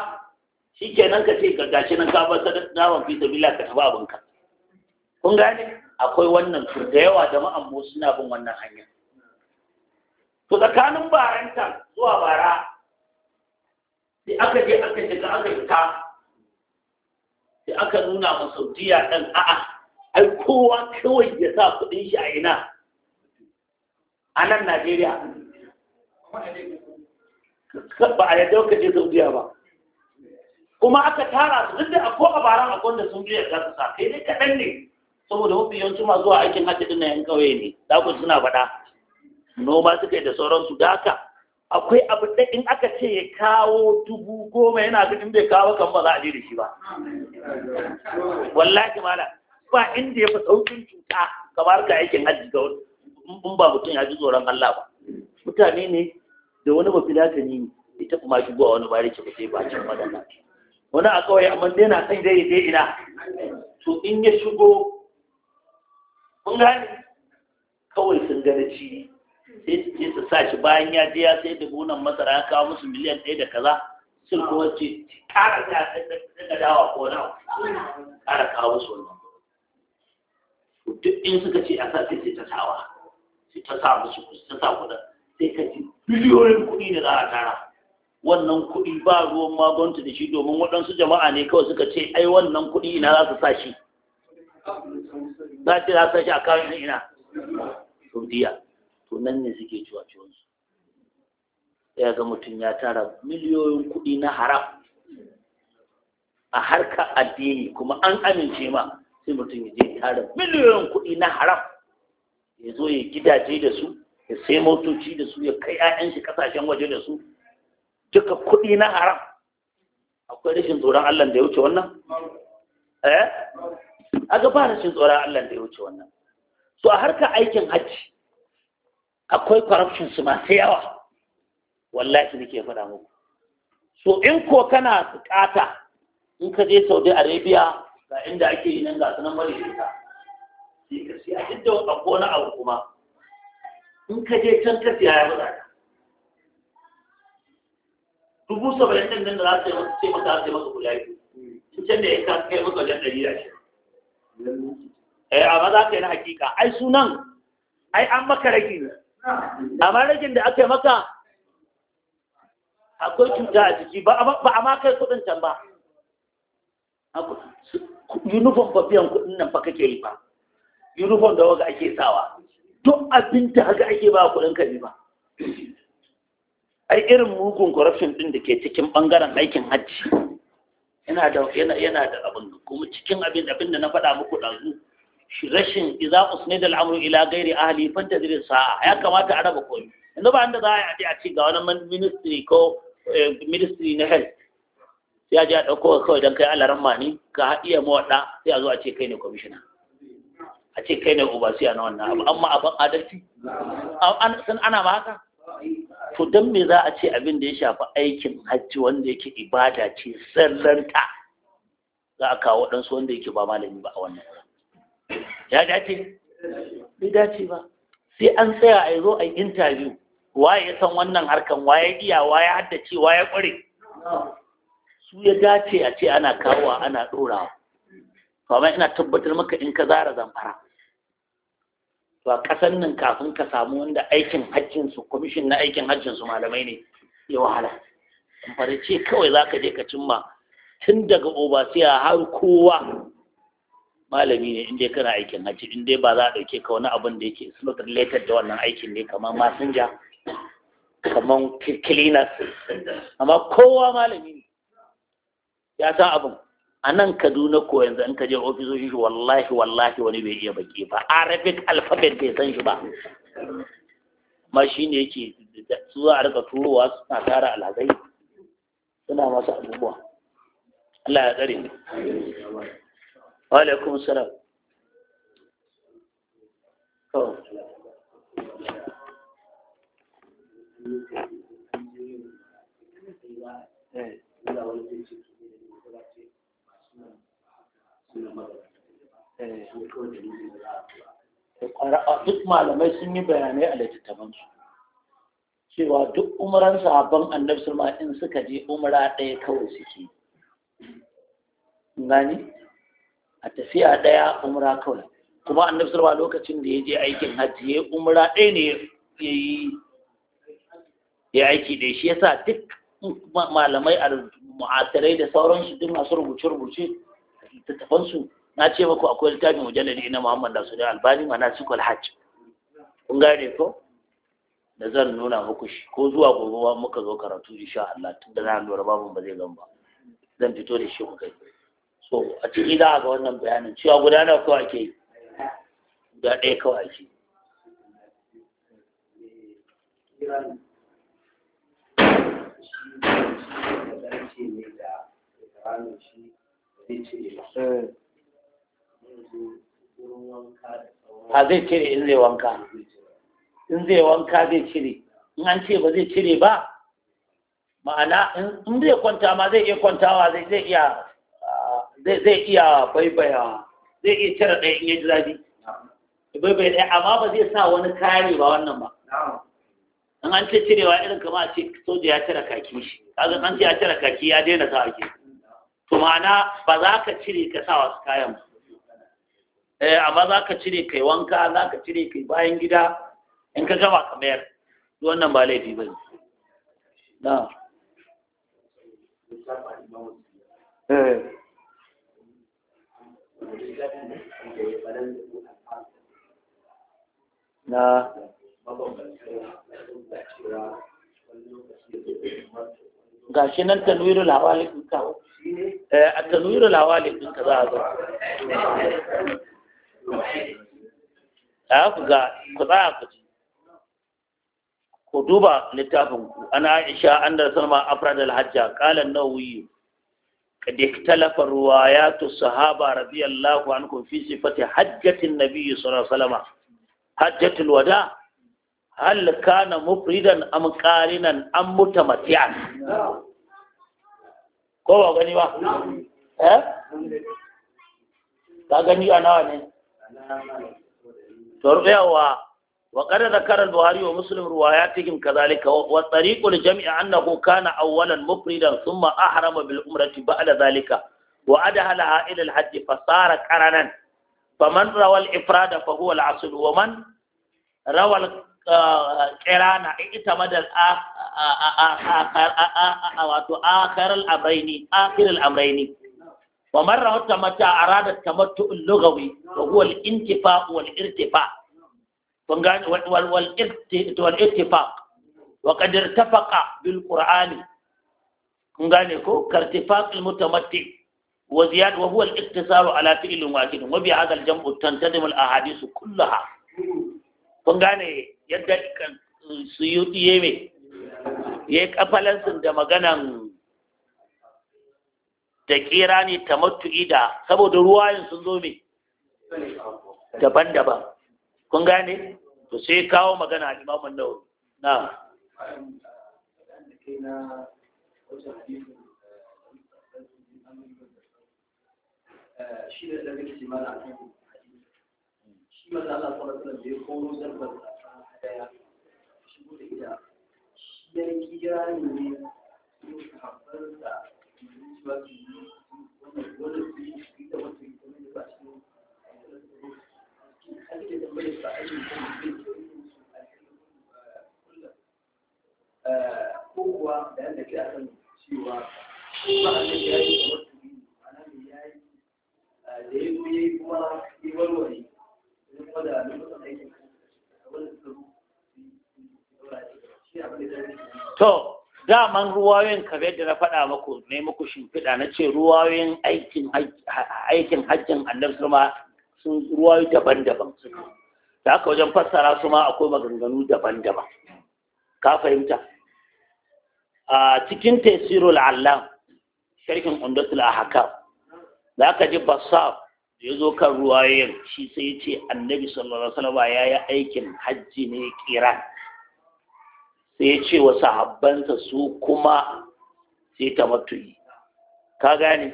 shi kenan ka ce ka gashi nan ka bar sadar naman fi bila ka taba abinka kun gane akwai wannan tur da yawa da mu suna bin wannan hanya to tsakanin baranta zuwa bara sai aka je aka shiga aka fita sai aka nuna ma ɗan a'a ai kowa kawai ya sa kuɗin shi a ina a nan najeriya ba a yadda ka je saudiya ba kuma aka tara su duk da a ko a baran a wanda sun biya za su sa kai dai kaɗan ne saboda mafi yawanci ma zuwa aikin hajji ɗin na yan ƙauye ne za ku suna faɗa noma suka yi da sauransu da haka akwai abu da in aka ce ya kawo dubu goma yana da inda bai kawo kan ba za a je da shi ba wallahi mala ba inda ya fi saukin cuta kamar ka aikin hajji ga in ba mutum ya ji tsoron Allah ba mutane ne da wani ba filatani ne ita kuma shigo a wani bariki ba sai ba can madana wani a kawai amma dai na san dai dai ina to in ya shigo mun gane kawai sun gane ci sai su sa shi bayan ya je ya sai da gonan masara ya kawo musu miliyan ɗaya da kaza sun kuma ce ƙara ta daga dawa ko na ƙara kawo musu wannan duk in suka ce a sa sai sai ta sawa sai ta sa musu ta sa kuɗin sai ka ji miliyoyin kuɗi ne za a tara wannan kuɗi ba ruwan magonta da shi domin waɗansu jama'a ne kawai suka ce ai wannan kuɗi ina za su sa shi za ce za su sa shi a kawo ina saudiya to nan ne suke cewa su ya ga mutum ya tara miliyoyin kuɗi na haram a harka addini kuma an amince ma sai mutum ya je tara miliyoyin kuɗi na haram ya zo ya gidaje da su ya sai motoci da su ya kai 'ya'yan shi kasashen waje da su duka kuɗi na haram akwai rashin tsoron Allah da ya wuce wannan eh aga ba rashin tsoron Allah da ya wuce wannan so a harka aikin hajji akwai corruption su masu yawa wallahi nake faɗa muku so in ko kana bukata in ka je saudi arabia ga inda ake yi nan ga sunan marishita sai ka siya inda da a gona abu kuma in ka je can ka siya ya buga dubu saba'in ɗin nan da za su yi masa ce masa za su yi masa guda biyu in can da ya ka kai masa wajen ɗari da shi eh amma za ka yi na hakika ai sunan ai an maka rage ne amma ragin da aka yi maka akwai cuta a jiki ba a ma kai kudin can ba uniform babbiyan kudin nan fa kake yi ba uniform da waga ake sawa duk abinta haka ake ba kudin ka ne ba ai irin mugun corruption din da ke cikin bangaren aikin hajji yana da yana da abin kuma cikin abin abin da na faɗa muku ɗazu rashin iza usne da amru ila ghairi ahli fantazir sa'a ya kamata a raba koyi yanzu ba inda za a yi a ce ga wani ministry ko eh, ministry na health sai ji a ɗauko kawai don kai alaran mani ka iya mawaɗa sai a zo a ce kai ne kwamishina a ce kai ne obasiya na wannan abu amma ban adalci sun ana ma haka to don me za a ce abin da ya shafi aikin hajji wanda yake ibada ce sallanta za a kawo waɗansu wanda yake ba malami ba a wannan ya dace bai dace ba sai an tsaya a zo a yi interview waye ya san wannan harkan waye iya waye haddace waye kware su ya dace a ce ana kawo ana dorawa. kamar ina tabbatar maka in ka zara zamfara to kasan nan kafin ka samu wanda aikin su commission na aikin su malamai ne ya wahala kamfari ce kawai zaka je ka cimma tun daga obasiya har kowa malami ne inda kana aikin hajji inda ba za a ɗauke ka wani abin da yake slot related da wannan aikin ne kamar masinja kamar cleaners amma kowa malami ne ya san abin a nan kaduna ko yanzu in ka je ofisoshin shi wallahi wallahi wani bai iya baki ba arabic alphabet bai san shi ba amma shi ne yake su za a rika turowa suna tara alhazai suna masu abubuwa Allah ya tsare mu wa alaikum duk malamai sun yi bayanai a littattafansu cewa duk umaran sahabban annabi sulma in suka je umara ɗaya kawai suke gani a tafiya ɗaya umra kawai kuma annabi sallallahu lokacin da ya je aikin hajji ya umra ɗaya ne ya yi ya aiki da shi yasa duk malamai a mu'asirai da sauransu duk masu rubuce-rubuce littattafansu na ce maku akwai littafin mujallali na muhammad da sudan albani mana sukwal hajji. kun gane ko da zan nuna muku shi ko zuwa gobe muka zo karatu insha Allah tun da na lura babu ba zai gan ba zan fito da shi ku kai so a ciki za a ga wannan bayanin cewa guda nawa kawai ake yi guda ɗaya kawai ake a zai cire in zai wanka in zai wanka zai cire in an ce ba zai cire ba ma'ana in zai kwanta ma zai iya kwantawa zai iya zai iya baibaya zai iya cire ɗaya in ya ji zafi baibaya ɗaya amma ba zai sa wani kare ba wannan ba in an ce cirewa irin kama a ce soja ya cire kaki shi kaga an ce ya cire kaki ya daina sa ake to ma'ana ba za ka cire ka sa wasu kayan ba eh amma za ka cire kai wanka za ka cire kai bayan gida in ka gama ka mayar wannan ba laifi ba ne na eh na ga shi nan tanwiru lawali ɗin ka eh, a tanwiru lawali ɗin ka za a zo a ku ga ku za ku ji ku duba littafin ku ana aisha an da salma afradar hajja ƙalan an-nawawi قد اختلف روايات الصحابة رضي الله عنكم في صفة حجة النبي صلى الله عليه وسلم حجة الوداع هل كان مفردا أم قارنا أم متمتعا كوا غني وا ها ka انا a تربيه ne وقد ذكر البخاري ومسلم رواياتهم كذلك والطريق لجمع أنه كان أولا مفردا ثم أحرم بالعمرة بعد ذلك وأدهلها إلى الحج فصار كرنا فمن روى الإفراد فهو العسل ومن روى القران اعتمد آخر الأمرين آخر الأمرين ومن روى التمتع أراد التمتع اللغوي وهو الانتفاع والارتفاع kun gane wal ittifaq wa qad irtafaqa bil qur'ani kun gane ko kartifaq al mutamatti wa ziyad wa huwa al iktisaru ala fi'lin wahid wa bi hadha al jam'u tantadim al ahadith kullaha kun gane yadda suyuti yeme ya da magana da kira ne ta matu'i da saboda ruwa sun zo daban-daban kun gane to sai kawo magana imamun nawawi na shi da a kan shi da daman ruwayoyin kare da na faɗa muku ne muku shimfiɗa na ce ruwayoyin aikin hajjin annabi ma sun ruwayo daban-daban da haka wajen fassara su ma akwai maganganu daban-daban ka fahimta a cikin tesirul allam sharhin undatul ahaka da aka ji basaf da ya zo kan ruwayoyin shi sai ya ce annabi sallallahu alaihi wasallam ya yi aikin hajji ne kiran sai ya ce wa sahabbansa su kuma su yi ka gane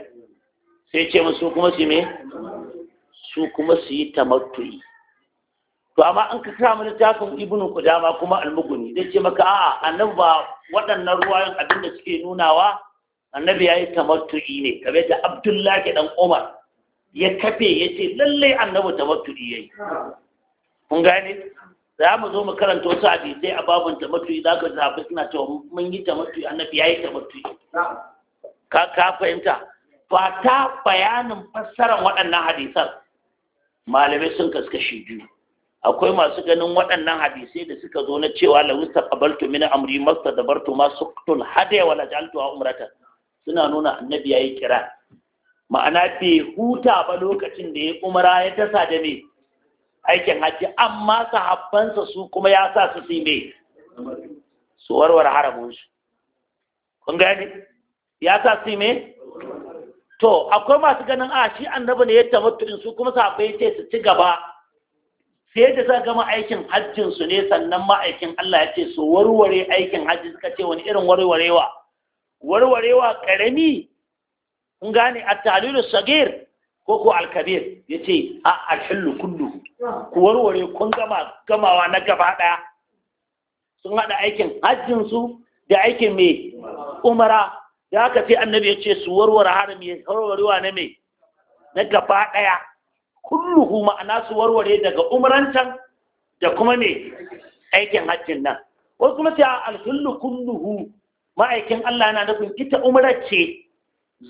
sai ce musu kuma su me su kuma su yi tamattu'i to amma an ka samu littafin ibnu kudama kuma almuguni zai ce maka a'a annabi ba waɗannan ruwayan abin da suke nunawa annabi ya yi tamattu'i ne kabe da abdullahi dan umar ya kafe ya ce lallai annabi tamattu'i ya yi kun gane za mu zo mu karanta wasu hadisai a babun tamattu za ka zafi suna cewa mun yi tamattu annabi ya yi tamattu ka ka fahimta fata bayanin fassarar waɗannan hadisan malamai sun kaskashi biyu akwai masu ganin waɗannan hadisai da suka zo na cewa lawista qabaltu min amri dabartu ma suqtul hadaya wala ja'altuha umrata suna nuna annabi yayi kira ma'ana bai huta ba lokacin da ya umara ya tasa da me aikin hajji amma sahabbansa su kuma ya sa su su yi su warware haramunsu kun gani ya sa su yi to akwai masu ganin a ah, shi annabi ne ya in su kuma sahabbai ce su ci gaba sai da sa gama aikin hajjin su ne sannan ma'aikin Allah ya ce su warware aikin hajji suka ce wani irin warwarewa warwarewa karami kun gane at-talilus sagir ko alkabir ya ce a alhillu kullu ku warware kun gama gamawa na gaba daya sun haɗa aikin hajjinsu da aikin mai umara da aka ce annabi ya ce su warware haram ya wa na mai na gaba ɗaya kulluhu ma'ana su warware daga umarantan da kuma mai aikin hajjin nan wasu kuma a alhillu hu ma'aikin Allah yana nufin ita umrar ce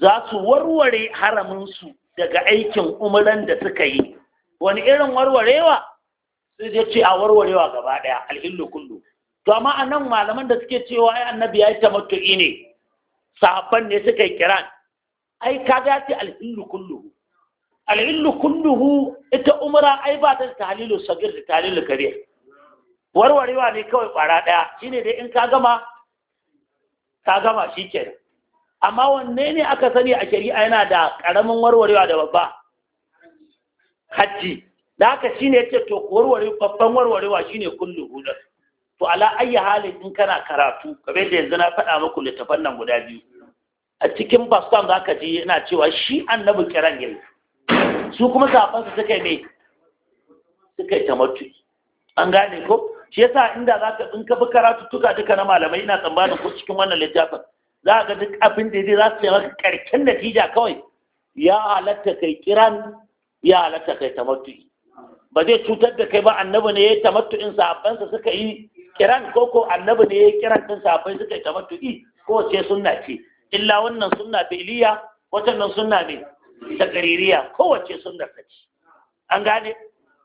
za su warware haraminsu daga aikin umaran da suka yi wani irin warwarewa sai ya ce a warwarewa gaba daya alhillu kullu to amma anan malaman da suke cewa ai annabi ya yi tamattu'i ne sahabban ne suka yi kiran ai kaga ya ce alhillu kullu alhillu kulluhu ita umra ai ba ta tahlilu sagir da tahlilu kabir warwarewa ne kawai kwara daya shine dai in ka gama ka gama shikenan amma wanne ne aka sani a shari'a yana da ƙaramin warwarewa da babba hajji da shi shine ce to warware babban warwarewa shine kullum hudar to ala ayi halin in kana karatu kamar da yanzu na faɗa muku littafan nan guda biyu a cikin bastan za ka ji yana cewa shi annabi kiran yayi su kuma safansa suka yi mai suka yi tamattu an gane ko shi yasa inda za ka in ka bi karatuttuka duka na malamai ina tsammanin ko cikin wannan littafin za ga duk abin da zai za su maka karkin natija kawai ya halatta kai kiran ya halatta kai tamattu ba zai cutar da kai ba annabi ne ya yi tamattu'in sahabbansa suka yi kiran ko ko annabi ne ya yi kiran din sahabbai suka yi tamattu'i ko ce sunna ce illa wannan sunna fi'liya wannan sunna ne ta ko kowace sunna ta ce an gane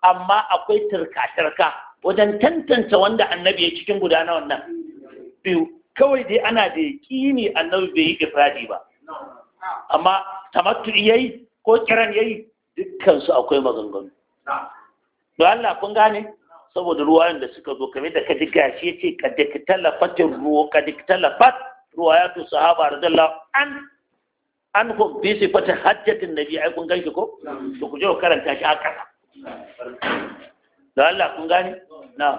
amma akwai turka-turka wajen tantance wanda annabi ya cikin guda wannan biyu kawai dai ana da ne annabi bai yi ifradi ba amma tamattu yi, ko kiran ya yi, dukkansu akwai maganganu da Allah kun gane saboda ruwayan da suka zo kame da kaji gashi ya ce ka daki talafatin ruwa ka daki talafat ruwayatu sahaba radiyallahu an an ku bi sifata hajjatin nabi ai kun ganki ko to ku je ku karanta shi a kasa don Allah kun gane na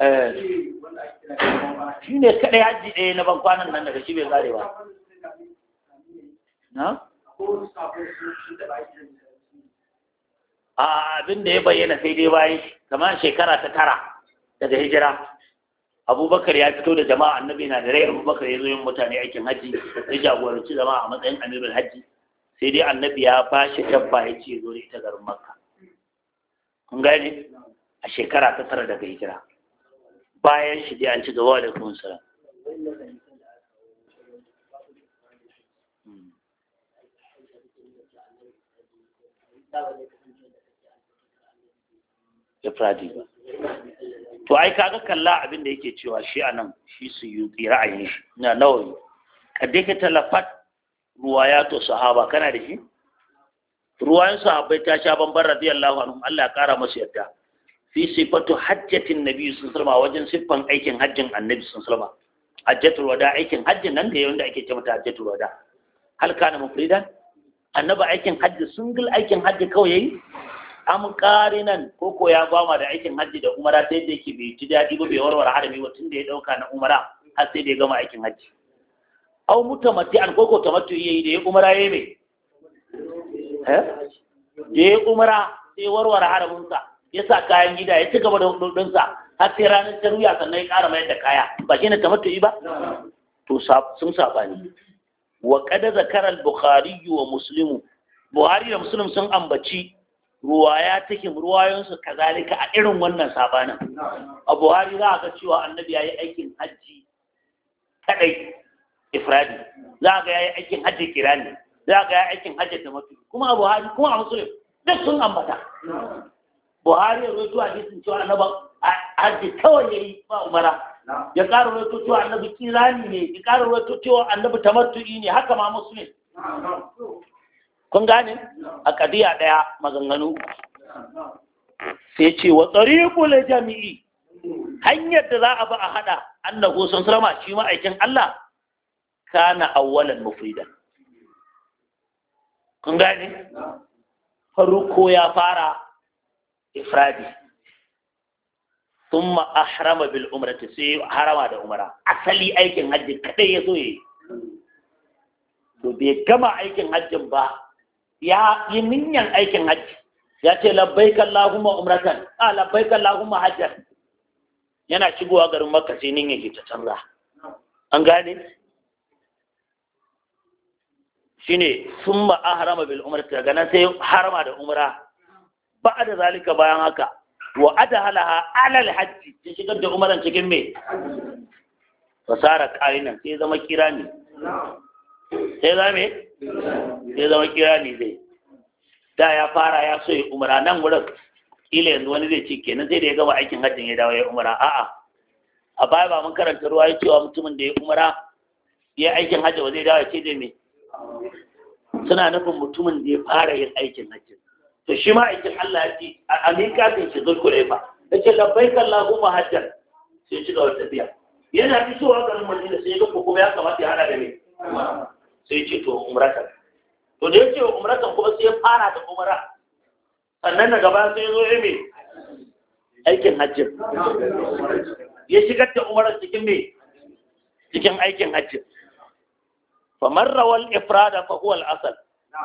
Eh. shi ne kaɗai hajji ɗaya na ban kwanan nan daga shi bai zare ba na? a abin da ya bayyana sai dai bayan kamar shekara ta tara daga hijira abubakar ya fito da jama'a annabi na da rai abubakar ya zo yin mutane aikin hajji ya jagoranci jama'a a matsayin amirin hajji sai dai annabi ya ba shi tabba ya ce zo ne ita garin makka kun gane a shekara ta tara daga hijira bayan shi dai an ci gaba da kuma Ya ifradi ba to ai kaga kalla abin da yake cewa shi a nan shi su yi ra'ayin shi na nawayi kadai ka talafat ruwayato sahaba kana da shi ruwayan sahabai ta sha bambar radiyallahu anhum Allah ya kara masu yadda fi sifatu hajjatin nabi sallallahu alaihi wajen siffan aikin hajjin annabi sallallahu alaihi hajjatul wada aikin hajjin nan da wanda ake ce mata hajjatul wada hal kana mufridan annaba aikin hajji single aikin hajji kawai yayi am qarinan ko ko ya bama da aikin hajji da umara sai da yake bai ji dadi ba bai warware harami ba tunda ya dauka na umara har sai da ya gama aikin hajji aw mutamatti an ko ko tamattu yayi da ya umara yayi mai eh da ya umara sai warware haramunsa sa ya sa kayan gida ya ci gaba da hudunsa har sai ranar ta sannan ya ƙara mayar da kaya ba shi ne kamar ta yi ba to sun saɓani wa kada zakarar bukhari wa muslimu buhari da muslim sun ambaci ruwaya take ruwayansu kazalika a irin wannan sabanin a buhari za a ga cewa annabi ya yi aikin hajji kadai ifradi za a ga ya yi aikin hajji kirani za a ga ya yi aikin hajji tamatu kuma a buhari kuma a muslim duk sun ambata buhari ya roto hadisin cewa annabi hajji kawai ya yi ba umara ya ƙara rotu cewa annabi kirani ne ya ƙara rotu cewa annabi tamattu'i ne haka ma musulmi kun gane a kadiya ɗaya maganganu sai ce wa tsariƙul jami'i hanyar da za a ba a haɗa annahu sun sarama shi ma'aikin Allah kana awwalan mufridan kun gane farko ya fara ifradi thumma ahrama bil umrati sai harama da umara asali aikin hajji kadai ya zo yi to bai gama aikin hajjin ba ya yi minyan aikin hajji ya ce labbaika Allahumma umratan a ah, labbaika Allahumma hajjan yana shigowa garin Makka sai nin yake ta canza an gane shine summa ahrama bil umrati daga nan sai harama da umra ba da zalika bayan haka wa adhalaha ala hajji ya shigar da umaran cikin me fasara karinan sai zama kirani sai zama sai zama kirani zai da ya fara ya so ya umara nan wurin kila yanzu wani zai ce kenan sai da ya gama aikin hajjin ya dawo ya umara a'a a baya ba mun karanta ruwa ya cewa mutumin da ya umara ya aikin hajji ba zai dawo ya ce dai? me suna nufin mutumin da ya fara yin aikin hajji to shi ma aikin Allah ya ce a miƙatin shi ba. ya ce labbai kallahu hajjar sai ci gaba tafiya yana fi fitowa garin madina sai ya ga kuma ya kamata ya hada da me sai ce to umratan to da ya ce wa umratan kuma sai ya fara da umara sannan daga baya sai ya zo ya aikin hajjar ya shigar da umarar cikin me cikin aikin hajjar famar rawar ifrada fa huwa al-asal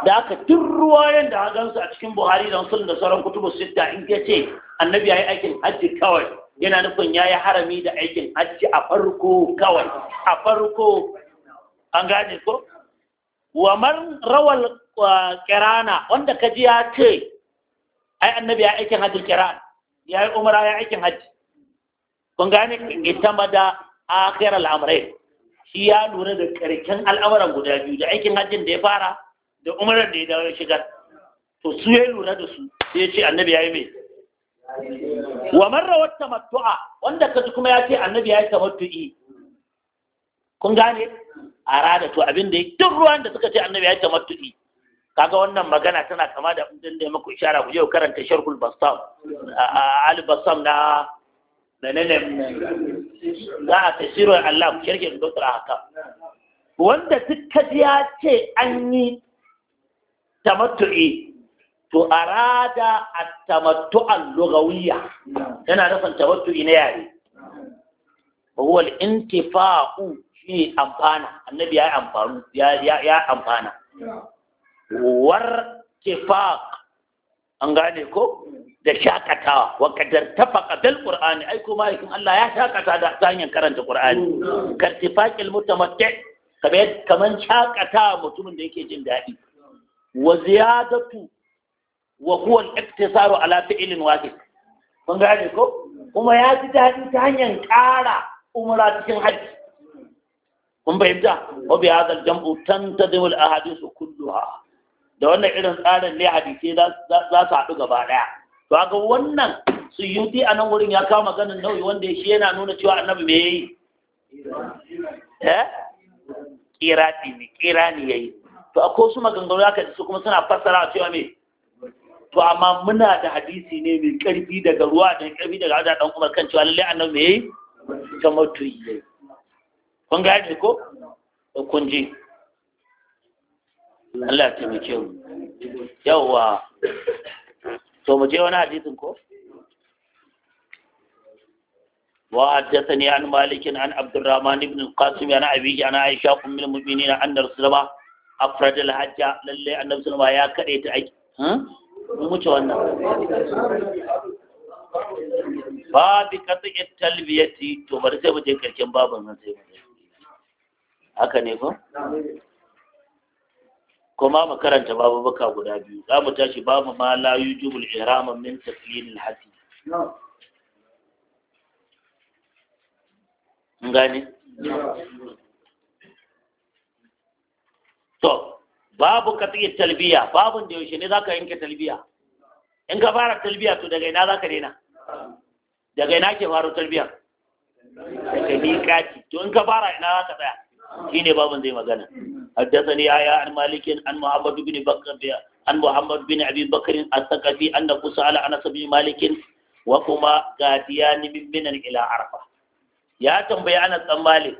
da aka duk ruwayen da su a cikin buhari da sun da sauran kutubu sita in ya ce annabi ya yi aikin hajji kawai yana nufin ya yi harami da aikin hajji a farko kawai a farko an gane ko wa man rawal kirana wanda kaji ya ce ai annabi ya aikin hajji kiran ya yi umara ya aikin hajji kun gane ma da akhir al'amurai shi ya lura da karken al'amuran guda biyu da aikin hajjin da ya fara da umarar da ya dawo ya shigar to su ya lura da su sai ya ce annabi ya yi mai wa marra wata matu'a wanda ka ji kuma ya ce annabi ya yi tamattu'i kun gane a rada to abin da duk ruwan da suka ce annabi ya yi tamattu'i kaga wannan magana tana kama da abin da muku ishara ku je ku karanta sharhul bassam al bassam na menene za a tafsirin Allah ku shirke da dokar haka wanda duk ya ce an yi tamattu'i to arada at-tamattu'a lughawiyya yana nufin tamattu'i na yare wa huwa al-intifa'u shine amfana annabi ya amfanu ya amfana war tifaq an gane ko da shakatawa wa kadar tafaqa bil qur'ani ai kuma yakin Allah ya shakata da ta hanyar karanta qur'ani kartifaqil mutamatti kamar kaman shakata mutumin da yake jin daɗi wa ziyadatu wa huwa al-iktisaru ala fi'lin wahid kun gane ko kuma ya ji daɗi ta hanyar ƙara umra cikin hajji kun fahimta wa bi hadal jam'u tantazimu al-ahadithu kulluha da wannan irin tsarin ne hadisi za su haɗu gaba ɗaya to ga wannan su yudi a nan wurin ya kawo maganin nauyi wanda shi yana nuna cewa annabi me yayi eh kirati ne kirani yayi to akwai su maganganu aka kai su kuma suna fassara a cewa me to amma muna da hadisi ne mai karfi daga ruwa da karfi daga hada dan Umar kan cewa lalle annabi yayi tamattu yayi kun yadda ko kun ji Allah ya taimake mu yawa to mu je wani hadisin ko وحدثني عن مالك عن عبد الرحمن بن القاسم عن أبيه عن عائشة أم المؤمنين عن رسول الله afrad al-hajja lalle annabi sallama ya kade ta aiki mun wuce wannan babi qat'i talbiyati to bari sai mu je karshen babin nan sai haka ne ko kuma mu karanta babu baka guda biyu za mu tashi babu ma la yujubul ihram min taqlil al-hadi ngani To, babu ka iya talbiya, babun da yaushe ne zaka yanke talbiya. In ka fara talbiya to daga ina zaka ka daina? Daga ina ke faru talbiya? Daga ni kaci To in ka fara ina zaka tsaya? Shi ne babun zai magana. Haddasani ya an malikin an muhammad bin bakr biya. An Muhammadu bin Abi Bakar an Sakafi an da kusa ala anas malikin wa kuma gadiya ni bin ila arfa. Ya tambaya ana dan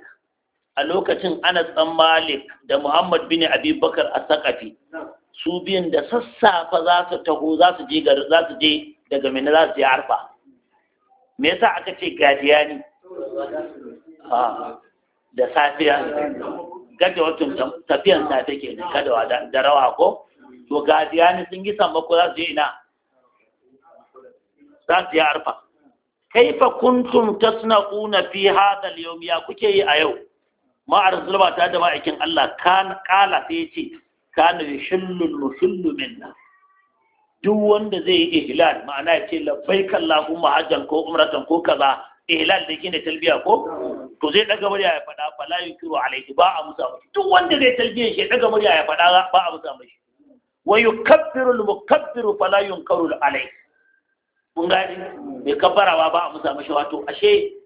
a lokacin Anas ɗan Malik da Muhammad bin Abi Bakar a Sakafi su biyan da sassafa za su taho za su je za su je daga Mina za su je Arfa me yasa aka ce gadiyani ah, da safiya gaje watan tafiyan safe ke kadawa da rawa ko to gadiyani sun yi sammako za su je ina za su yi Arfa kaifa kuntum tasnaquna fi hadha al-yawm ya kuke yi a yau ma'ar zulba ta da ma'aikin Allah kan kala sai ya ce kana yushillul musullu minna duk wanda zai yi ihlal ma'ana ya ce labbaik Allahumma hajjan ko umratan ko kaza ihlal da kine talbiya ko to zai daga murya ya fada fala yukiru alayhi ba a musa mashi duk wanda zai talbiya shi daga murya ya fada ba a musa mashi wa yukabbiru al-mukabbiru fala yunkaru alaihi kun gani mai kabbarawa ba a musa mashi wato ashe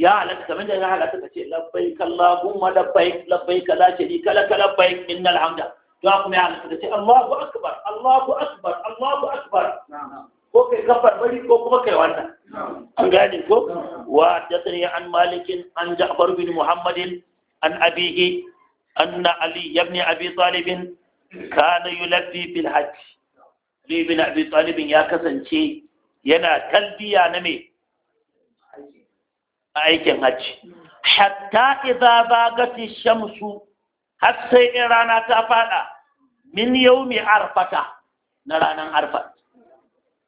ya halatta kamar da ya halatta ka ce labbai kallahumma labbai labbai kala ni kala kala labbai innal hamda to kuma ya halatta ka ce Allahu akbar Allahu akbar Allahu akbar ko kai kafar bari ko kuma kai wannan an gane ko wa tasri an malikin an ja'far bin muhammadin an abihi anna ali ibn abi talib kana yulabbi fil hajj ali ibn abi talib ya kasance yana talbiya na me a aikin hajji hatta idza bagati shamsu har sai in rana ta fada min yaumi arfata na ranan arfa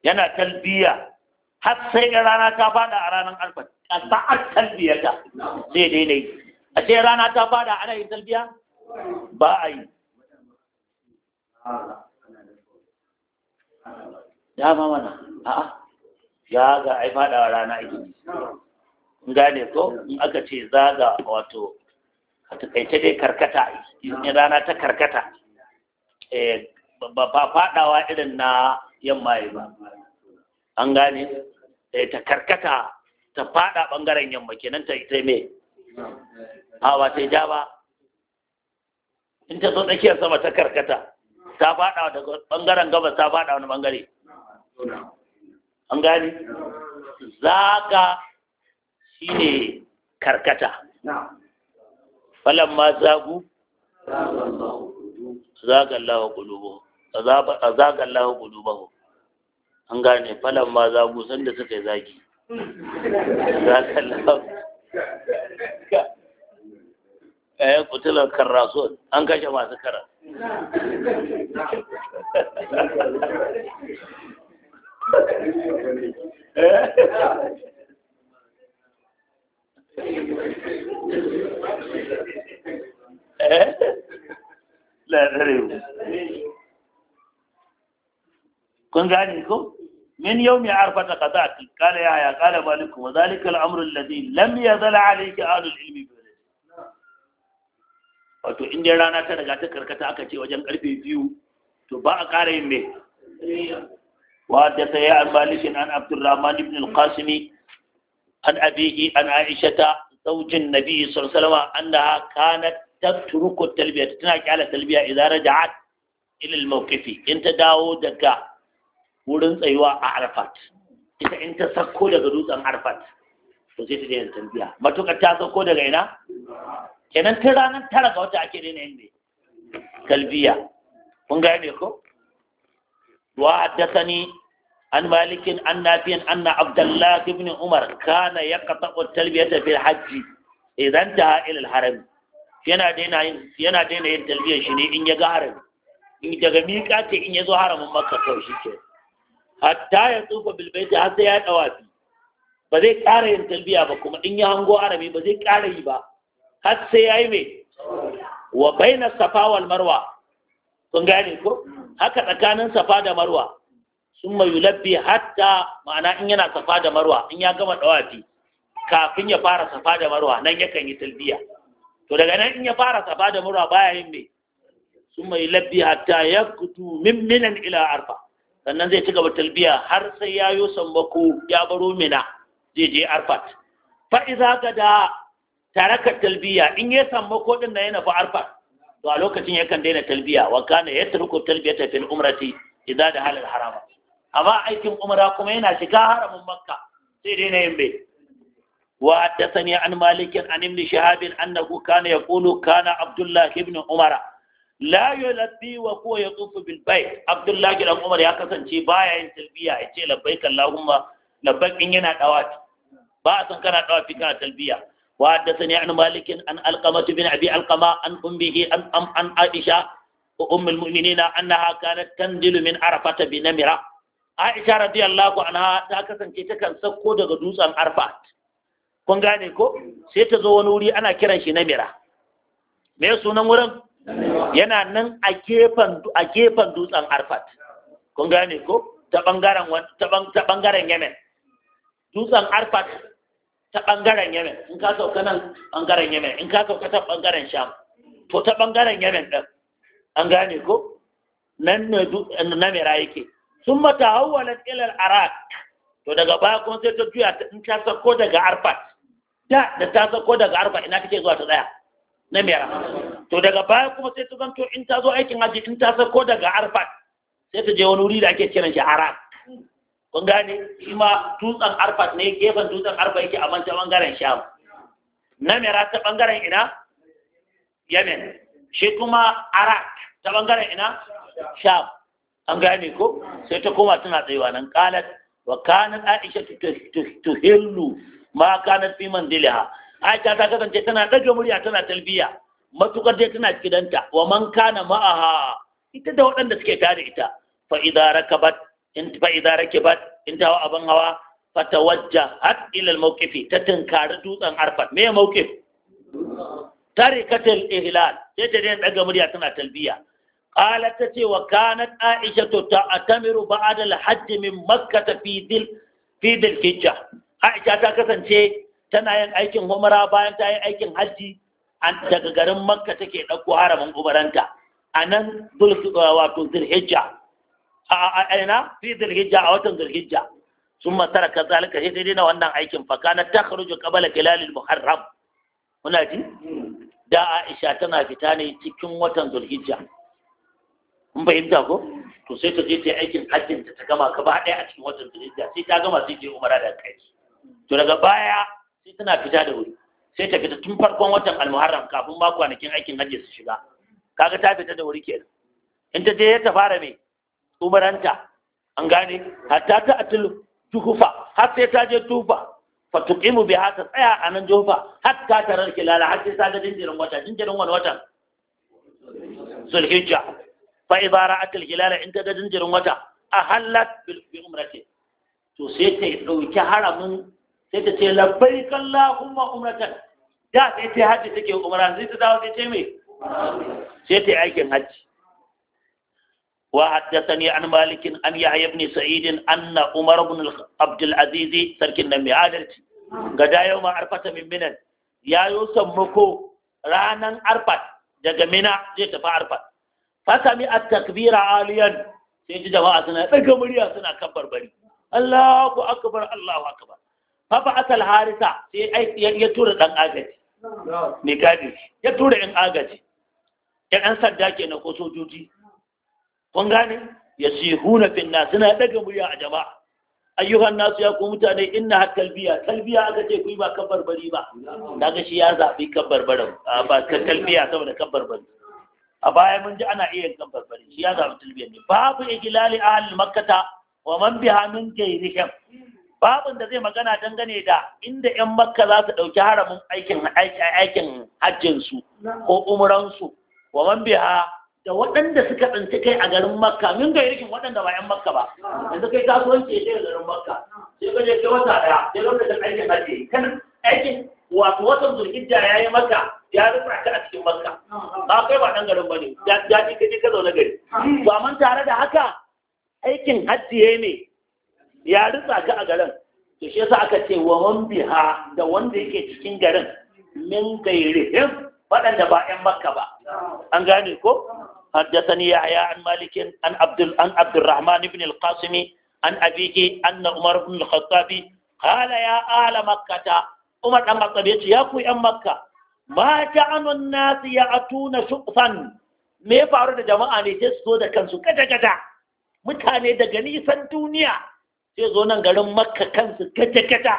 yana talbiya har sai in rana ta fada a ranan arfa sa'ar talbiyata sai daidai a ce rana ta fada ana yin talbiya ba a yi dama mana a'a ya ga ai rana ita gane ko in aka ce zaga wato a takaice dai karkata in rana ta karkata eh, ba faɗawa irin na yamma ba an gane eh, ta karkata ta faɗa ɓangaren yamma kenan ta ita me hawa ta ja ba in ta zo tsakiyar sama ta karkata ta faɗa daga ɓangaren gabas ta faɗa wani ɓangare an gane zaga ne karkata falamma zagu lawa qulubuhum ba qulubuhum an gane falamma zagu sanda suka yi zagi zagallahu kutular eh, karraso an kashe masu kara eh? [LAUGHS] لا تريد كنت عليكم من يوم عرفة قطعك قال يا عيا قال مالك وذلك الأمر الذي لم يظل عليك آل العلم بلد وتو إن يرانا تنجا تكر كتاك وجن قلبي فيو تو باء قاري مي وعد يتيا عبد الرحمن بن القاسمي an abihi an Aisha ta zaujin nabi sallallahu alaihi wasallam annaha kanat tatruku talbiya tana kyala talbiya idan raja'at ila al-mawqifi in ta dawo daga wurin tsayuwa a Arfat ita in ta sako daga dutsen Arfat to sai ta daina talbiya matukar ta sako daga ina kenan ta ranar tara ga wata ake daina yin talbiya kun gane ko wa haddathani an malikin an nafiyan anna abdullah ibn umar kana yaqta'u at-talbiyata fil hajji. idan ta ila al-haram yana daina yin yana daina yin talbiyar shi ne in ya ga haram in daga miƙa ce in ya zo haramin makka to shi ke hatta ya tsufa bil baiti har sai ya dawafi ba zai ƙara yin talbiya ba kuma in ya hango harami ba zai ƙara yi ba har sai ya yi mai wa baina safa wal marwa kun gane ko haka tsakanin safa da marwa sun mai yulabbi hatta ma'ana in yana safa da marwa in ya gama dawafi kafin ya fara safa da marwa nan yakan yi talbiya to daga nan in ya fara safa da marwa baya yin me sun mai yulabbi hatta ya kutu min ila arfa sannan zai ci gaba talbiya har sai ya yi sammako ya baro mina zai je arfat fa iza gada taraka talbiya in ya sammako din nan yana fa arfat to a lokacin yakan daina talbiya wa kana yatruku talbiyata fil umrati idza da halal harama amma aikin umra kuma yana shiga haramun makka sai dai na yin bai wa haddathani an malikin an ibn shahabin annahu kana yaqulu kana abdullah ibn umara la yulabbi wa huwa yatufu bil bait abdullah ibn umar ya kasance baya yin talbiya ya ce labbaik allahumma labbaik in yana dawafi ba san kana dawafi kana talbiya wa haddathani an malikin an alqamah ibn abi alqama an ummihi an am an aisha وأم المؤمنين أنها كانت تنزل من عرفة بنمرة Aisha radiyallahu anha ta kasance ta kan sauko daga dutsen Arfat. Kun gane ko? Sai ta zo wani wuri ana kiran shi Namira. Me sunan wurin? Yana nan a gefen a gefen dutsen Arfat. Kun gane ko? Ta bangaren ta bangaren Yemen. Dutsen Arfat ta bangaren Yemen. In ka sauka nan bangaren Yemen, in ka sauka ta bangaren Sham. To ta bangaren Yemen din. An gane ko? Nan ne Namira yake. sun mata hawwalar ilal arak to daga baya kuma sai ta juya in ta sako daga arfat da da ta sako daga arfat ina take zuwa ta tsaya na mera to daga baya kuma sai ta zanto in ta zo aikin haji in ta sako daga arfat sai ta je wani wuri da ake kiran shi arak kun gane shi ma dutsen arfat ne gefen dutsen arfa yake a manta bangaren sham na mera ta bangaren ina yemen shi kuma arak ta bangaren ina sham an gane ko sai ta koma tana tsayawa nan qalat wa kanat aisha tuhillu ma kanat fi manziliha aisha ta kasance tana daga murya tana talbiya matukar dai tana gidanta wa man kana ma'aha ita da waɗanda suke tare ita fa idza rakabat in fa idza in ta aban hawa tawajjahat ila al-mawqifi ta tunkari dutsen arfat me mawqif tarikatul ihlal sai ta daga murya tana talbiya Khalad ta ce wa Gana Aisha ta ce to a tamir ba'adala haddimin makkata fidil, Aisha ta kasance tana yin aikin humna bayan ta yi aikin haddi. An daga garin makka take daƙo haramin umarinta. A nan dul su da yawa tun A a a ina fidil hijja a watan zuhijja? Sun masara ka za ka hidiri na wannan aikin ba. Gana ta karbu Jokabila, Kilalil, Muharram muna ji. Da Aisha tana fita ne cikin watan zuhijja. kun fahimta ko to sai ta je ta aikin hajjin ta ta gama gaba ɗaya a cikin watan zulhijja sai ta gama sai ta yi umara da kai to daga baya sai tana fita da wuri sai ta fita tun farkon watan almuharram kafin ma kwanakin aikin hajji su shiga kaga ta fita da wuri kenan in ta je ta fara me umaranta an gane hatta ta atul tuhufa har sai ta je tufa tuqimu biha ta tsaya a nan jofa hatta tarar kilala har sai ta ga dindirin wata jinjirin wani watan Sulhijja. fa ibara akal hilala in da jinjirin wata a halat bi umrati to sai ta dauki haramun sai ta ce labbaikallahumma umratan da sai ta haji take umra sai ta dawo sai ta mai. sai ta aikin haji wa haddathani an malik an yahya ibn sa'id anna umar ibn abd al-aziz sarkin nan mai adalci ga da yau ma arfata min minan ya yi sammako ranan arfat daga mina zai tafi arfat fasami at-takbira aliyan sai ji jama'a suna daga murya suna kabbar bari Allahu akbar Allahu akbar fa asal harisa sai ya tura dan agaji mai gadi ya tura yan agaji yan sanda kenan ko sojoji kun gane ya huna finna suna daga murya a jama'a ayyukan nasu ya ku mutane inna har kalbiya kalbiya aka ce ku yi ba kan bari ba daga shi ya zaɓi kan bari ba kan kalbiya saboda kan bari a baya mun ji ana iya yankan barbari, shi ya zaɓi tilbiyar ne babu igilali halin Makata wa man biha min gairihim Babu da zai magana dangane da inda 'yan makka za su ɗauki haramin aikin aikin hajjinsu ko umuransu wa man biya da waɗanda suka tsinci kai a garin makka min ga yankin waɗanda ba 'yan makka ba yanzu kai kasuwanci ya ce garin makka sai ka je kai wata ɗaya sai lokacin aikin hajji kan aikin wato watan zulhijja ya yi maka ya rufa ka a cikin makka ba kai ba ɗan garin ba ne ya ji kaje ka zauna gari to amma tare da haka aikin hajji ne ya rufa ka a garin to shi yasa aka ce wa man biha da wanda yake cikin garin min gairihim da ba 'yan makka ba an gane ko حدثني يحيى عن مالك عن عبد عن عبد الرحمن بن القاسم عن أبيه أن عمر بن الخطاب قال يا أهل مكة Umar ɗan Khattab ya ce ya ku ‘yan Makka ma anon nasu ya tuna shufan me ya faru da jama'a ne sai su zo da kansu gada-gada, mutane daga nisan duniya sai zo nan garin Makka kansu gada-gada,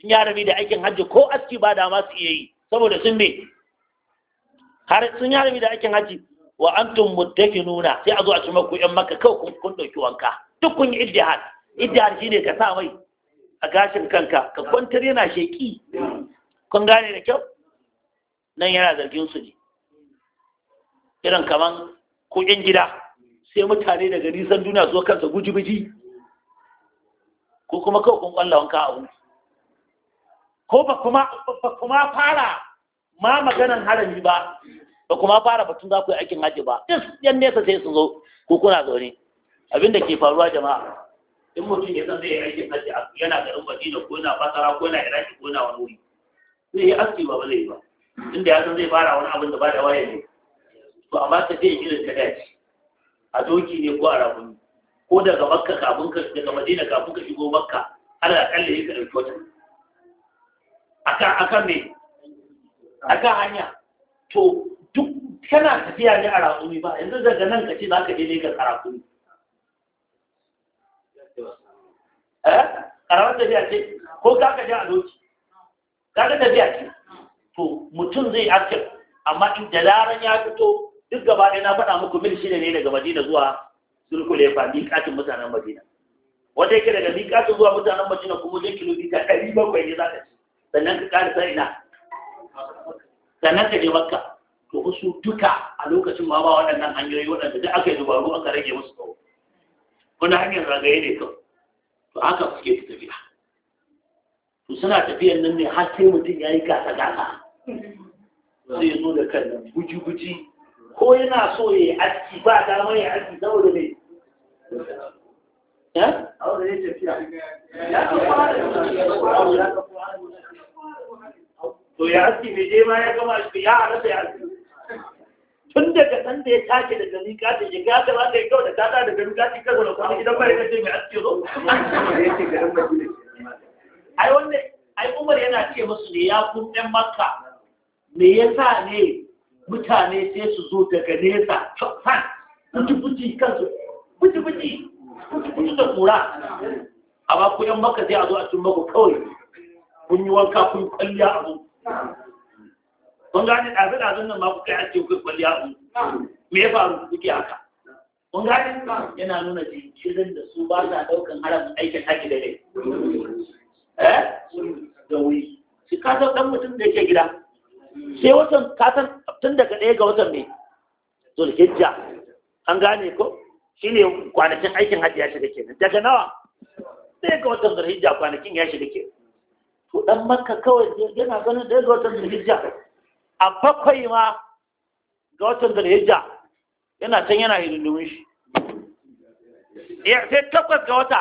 sun yi harami da aikin hajji ko aski ba da masu iya yi saboda sun me har sun yi harami da aikin hajji wa an tun antum nuna sai a zo a ci maku ‘yan Makka kawai kun ɗauki wanka duk kun yi iddihar shi shine ka sa mai a gashin kanka ka kwantar yana sheƙi kun gane da kyau nan yana zargin su ne irin kaman kuɗin gida sai mutane daga nisan duniya zuwa kansa guji-guji ko kuma kawai kun kwallon wanka a wuri ko ba kuma fara ma maganan harami ba ba kuma fara batun za ku yi aikin hajji ba ɗin yan nesa sai su zo ko kuna zaune abin da ke faruwa jama'a in mutum ya san zai yi aikin hajji yana garin madina ko na fasara ko na iraki ko na wani wuri zai yi aski ba ba zai ba inda ya san zai fara wani abin da ba da waye ne to amma ka je irin ta dace a doki ne ko a rabuni ko daga makka kafin ka daga madina kafin ka shigo makka ala da kalle ka da wata akan akan me akan hanya to duk kana tafiya ne a rabuni ba yanzu daga nan ka ce za ka je ne ka rakumi Eh? ƙaramar tafiya ce ko kaka ja a doki kaka tafiya ce to mutum zai aske amma in da laran ya fito duk gaba ɗaya na faɗa muku mil shida ne daga madina zuwa zulkulefa miƙatin mutanen madina Wata yake daga miƙatin zuwa mutanen madina kuma zai kilomita ɗari bakwai ne za ka ci sannan ka ƙarisa ina sannan ka je makka to wasu duka a lokacin ma ba waɗannan hanyoyi waɗanda duk aka yi dubaru aka rage musu tsawo wani hanyar ragaye ne kawai to aka suke ta tafiya to suna tafiyan nan ne har sai mutum ya yi gasa gasa zai zo da kan guji guji ko yana so ya yi aski ba dama ya aski saboda mai ya? Eh? to ya aski mai je ma ya gama shi ya halatta ya aski tun daga san da ya tashi daga miƙa da ya gata ba da ya kawo da gata daga miƙa ce kago da kuma gidan bai kace mai aske zo ai wannan ai Umar yana ce musu ne ya kun ɗan Makka me yasa ne mutane sai su zo daga nesa fan buci kansu buci-buci da kura amma ku ɗan Makka sai a zo a cin mako kawai kun yi wanka kun kwalliya abu kun gane ɗazu ɗazun nan ma kuka yi ake kuka kwalliya a me ya faru kuke haka kun gane yana nuna jinkirin da su ba sa ɗaukan haramun aikin haƙi da rai eh? eh da wuri shi ka san ɗan mutum da yake gida sai watan ka san tun daga ɗaya ga watan ne. zulhijja an gane ko shi ne kwanakin aikin hajji ya shiga kenan daga nawa Ɗaya ga watan zulhijja kwanakin ya shiga kenan to dan makka kawai yana ganin da ga watan zulhijja a bakwai ma ga watan zulhijja yana can yana hidindimin shi sai takwas ga wata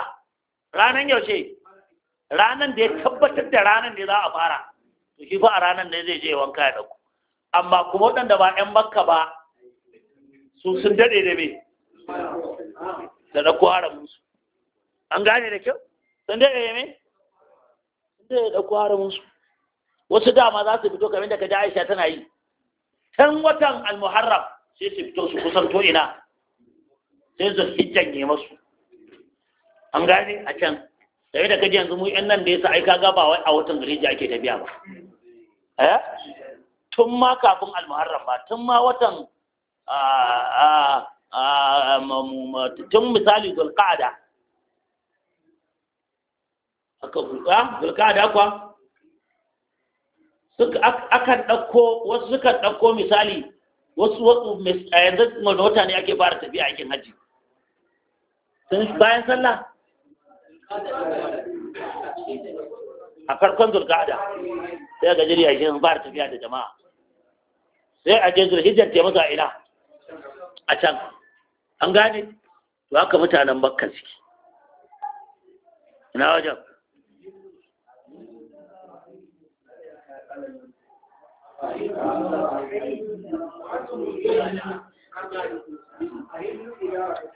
ranar yaushe ranar da ya tabbatar da ranar da za a fara to shi fa a ranar da zai je wanka ya dauko amma kuma waɗanda ba 'yan makka ba su sun daɗe da me da ɗauko haramunsu an gane da kyau sun daɗe da me sun daɗe da ɗauko haramunsu wasu dama za su fito kamar da kaji Aisha tana yi can watan al-Muharram sai su fito su kusan to ina sai su hijjanye masu an gane a can sai da kaji yanzu mu yan nan da yasa ai kaga ba wai a watan Zulhijja ake tafiya ba eh tun ma kafin al-Muharram ba tun ma watan um, um, tun misali zulqa'da aka zulqa'da kwa akan ɗauko wasu sukan ɗauko misali wasu a yanzu wani wata ne ake fara tafiya aikin hajji bayan sallah a farkon zulgada sai a gajeriya yakin fara tafiya da jama'a sai a je zulhijjar ta masa ina a can an gane to haka mutanen bakkan suke ina wajen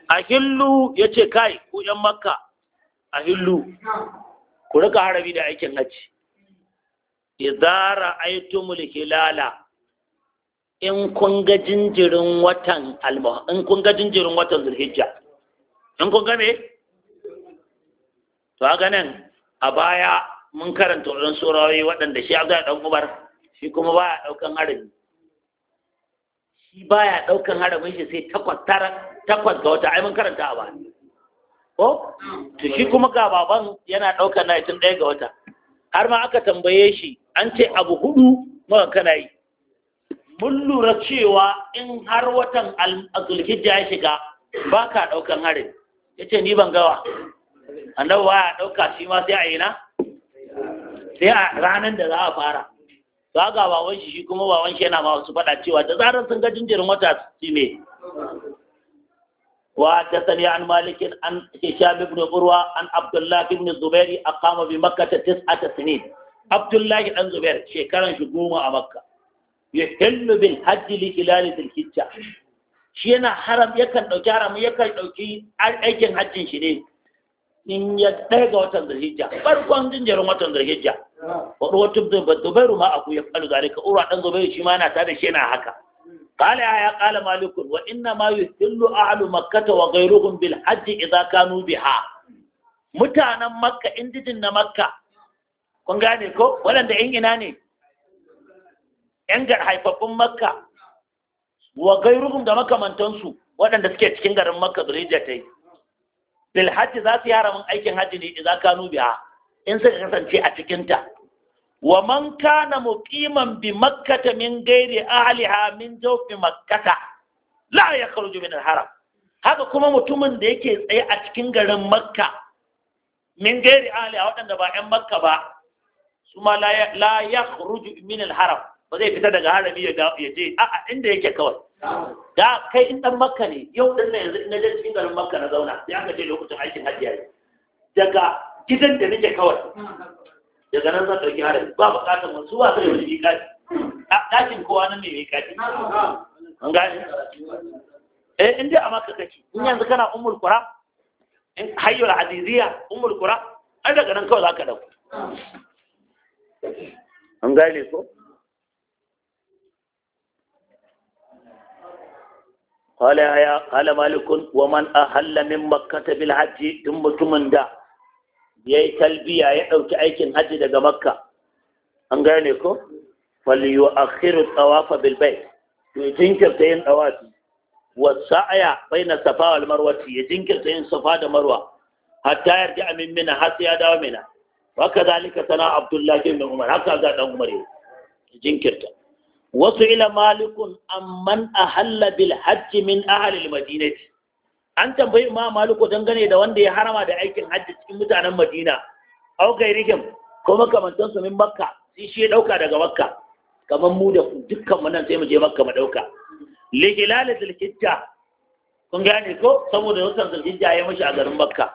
a ya ce kai ku ‘yan makka a ku rika harabi da aikin hajji idara aitumul hilala in kun ga jinjirin watan alba, in kun ga jinjirin watan zulhijja in kun ga me to haka a baya mun karanta wannan surawi waɗanda shi Abdullahi ɗan Umar shi kuma ba ya ɗaukan harami shi ba ya ɗaukan harami shi sai takwas tara takwas ga wata ai mun karanta a ba ko to shi kuma ga baban yana ɗaukan na tun ɗaya ga wata har ma aka tambaye shi an ce abu hudu ma kana yi mun lura cewa in har watan zulhijja ya shiga ba ka daukan harami ce ni ban gawa annabi ba ya ɗauka shi ma sai a yi na sai a ranar da za a fara za ga baban shi kuma baban shi yana ma wasu faɗa cewa da zarar sun ga jinjirin wata su ne wa ta sani an malikin an hisham ibn kurwa an abdullahi ibn zubairi aqama bi makkata tis'ata sinin abdullahi dan zubair shekaran shi goma a makka ya hillu bil hajji li ilali dil shi yana haram yakan ɗauki haram yakan ɗauki aikin hajjin shi ne in ya ɗaya ga watan zulhijja farkon jinjirin watan zulhijja wa ruwatu zubairu ma aku ya falu ka ura dan zubairu shi ma na tada shi yana haka ya قال يا قال مالك وانما يحل اهل مكه وغيرهم بالحج kanu bi ha? mutanen makka indijin na makka kun gane ko waɗanda yan ina ne yan gar haifaffun makka wa gairuhun da makamantansu waɗanda suke cikin garin makka zulhijja ta yi fil hajji za su yi haramin aikin hajji ne idan kanu biya in suka kasance a cikinta wa man kana muqiman bi makkata min ghairi ahliha min jawfi makkata la yakhruju min al-haram haka kuma mutumin da yake tsaye a cikin garin makka min gairi ahliha waɗanda ba 'yan makka ba su ma la yakhruju min al-haram ba zai fita daga harami ya ya je a'a inda yake kawai da kai in dan makka ne yau din nan yanzu na je cikin garin makka na zauna sai aka ce lokacin aikin hajji yayi daga gidan da nake kawai daga nan zan dauki harami ba bukatar mun zuwa sai wani miƙati a dakin kowa nan mai miƙati an gane eh in dai a makka kake in yanzu kana ummul qura in hayyul hadiziya ummul qura an daga nan kawai zaka dauko an gane so. قال يا قال مالك ومن أهل من مكة بالحج ثم mutumin da yayi talbiya ya ɗauki aikin haji daga makka an gane ko faliyu akhiru tawafa bil bait to jinkirta yin tawafi wa sa'ya baina safa wal marwa ya jinkirta yin safa da marwa hatta yarda amin mina har ya dawo mina wa kadhalika sana abdullahi umar haka umar jinkirta wasu ila malikun amman a bil hajji min ahalil madinati an tambayi ma maliku dangane da wanda ya harama da aikin hajji cikin mutanen madina aukai rikim ko su min makka sai shi ya dauka daga makka kamar mu da dukkan mu nan sai mu je makka mu dauka lihilal zulhijja kun gane ko saboda wannan zulhijja ya mushi a garin makka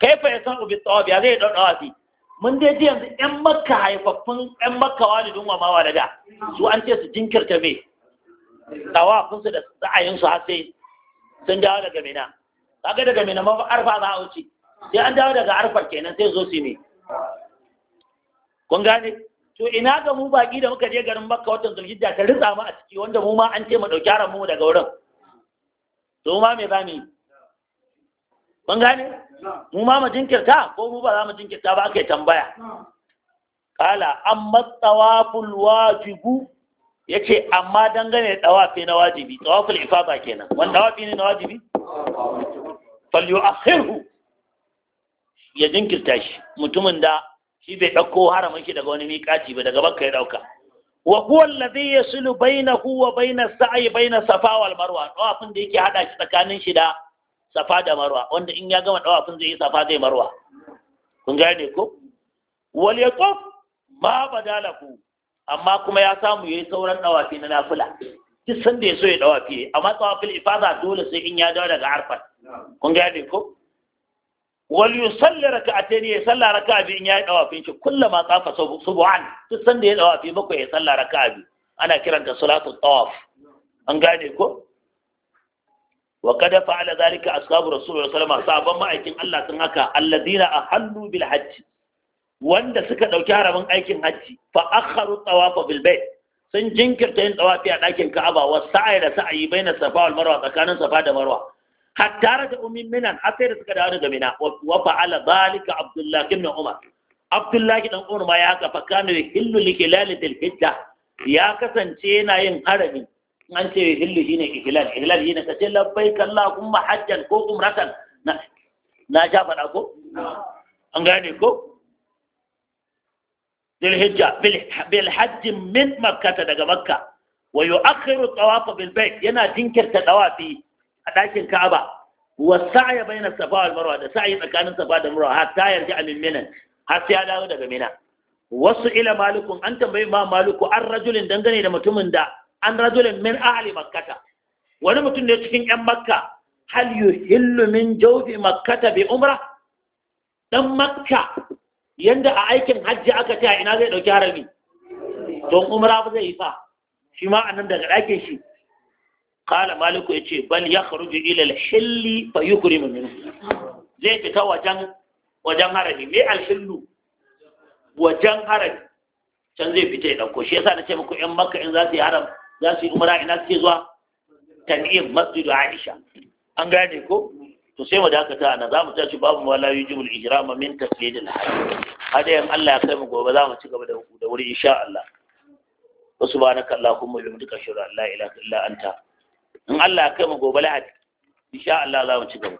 kaifa ya san ubi tawab ya zai dauka dawafi mun dai ji yanzu ƴan makka haifaffun ƴan makka walidin wa da da su an ce su jinkirta me tawafin su da sa'ayin su har sai sun dawo daga mina kaga daga mina mafi arfa za a wuce sai an dawo daga arfar kenan sai zo su ne kun gane to ina ga mu baki da muka je garin makka watan zulhijja ta ritsa mu a ciki wanda mu ma an ce mu dauki haram mu daga wurin to ma me mu yi ban gane mu ma mu jinkirta ko mu ba za mu jinkirta ba kai tambaya kala amma tawaful wajibu yace amma dangane da tawafi na wajibi tawaful ifada kenan wanda tawafi ne na wajibi falyu'akhirhu ya jinkirta shi mutumin da shi bai dauko haramin shi daga wani miƙaci ba daga bakkai ya dauka wa huwa alladhi yasulu bainahu wa bainas sa'i bainas safa wal marwa tawafin da yake hada shi tsakanin shi da safa da marwa wanda in ya gama dawafin zai yi safa zai marwa kun gane ko wal yatuf ma badalaku amma kuma ya samu yayi sauran dawafi na nafila duk sanda ya so ya dawafi amma tawafil ifada dole sai in ya dawo daga arfan kun gane ko wal yusalli rak'atayn ya salla raka'a bi in ya dawafin shi kullama qafa subhan duk da ya dawafi bakwai ya salla raka'a bi ana kiranta salatu tawaf an gane ko wa kada fa'ala zalika ashabu rasulullahi sallallahu alaihi ma'aikin Allah sun haka allazina ahallu bil hajj wanda suka ɗauki haramin aikin hajji fa akharu tawafa sun jinkirta yin tsawafi a dakin Ka'aba wa sa'i da sa'ayi baina Safa wal Marwa tsakanin Safa da Marwa hatta da ummin minan har da suka dawo daga Mina wa fa'ala zalika Abdullah ibn Umar Abdullah ibn Umar ya haka fa kana hillu li hilal hijja ya kasance yana yin harami an ce hillu shine ihlal ihlal shine ka ce labbaik allahumma hajjan ko umratan na na ja faɗa ko an gane ko bil hijja bil hajj min makkah daga makka wa yu'akhiru tawaf bil bait yana jinkirta tawafi a dakin ka'aba والسعي بين الصفا والمروه ده سعي تكانن صفا da مروه حتى يرجع من منى har sai ya dawo daga mina wasu ila malikun an tambayi ma maliku an rajulin dangane da mutumin da an rajulin min ahli makkata wani mutum ne cikin yan makka hal yuhillu min jawfi makkata bi umra dan makka yanda a aikin hajji aka ce a ina zai dauki harami don umra ba zai yi fa shi ma anan daga dakin shi kala maliku ya ce bal ya kharuju ila al-hilli fa yukrimu minhu zai fita wajen wajen harami me al-hillu wajen harami can zai fita ya ɗauko shi yasa na ce muku ƴan makka in za su yi haram za su yi umara ina suke zuwa tan'im masjidu aisha an gane ko to sai mu dakata ana za mu tashi babu wala yujibul ihrama min taslidil hajj yan Allah ya kai mu gobe za mu ci gaba da wuri insha Allah wa subhanaka allahumma bihamdika ashhadu an la ilaha illa anta in Allah ya kai mu gobe lahadi insha Allah za mu ci gaba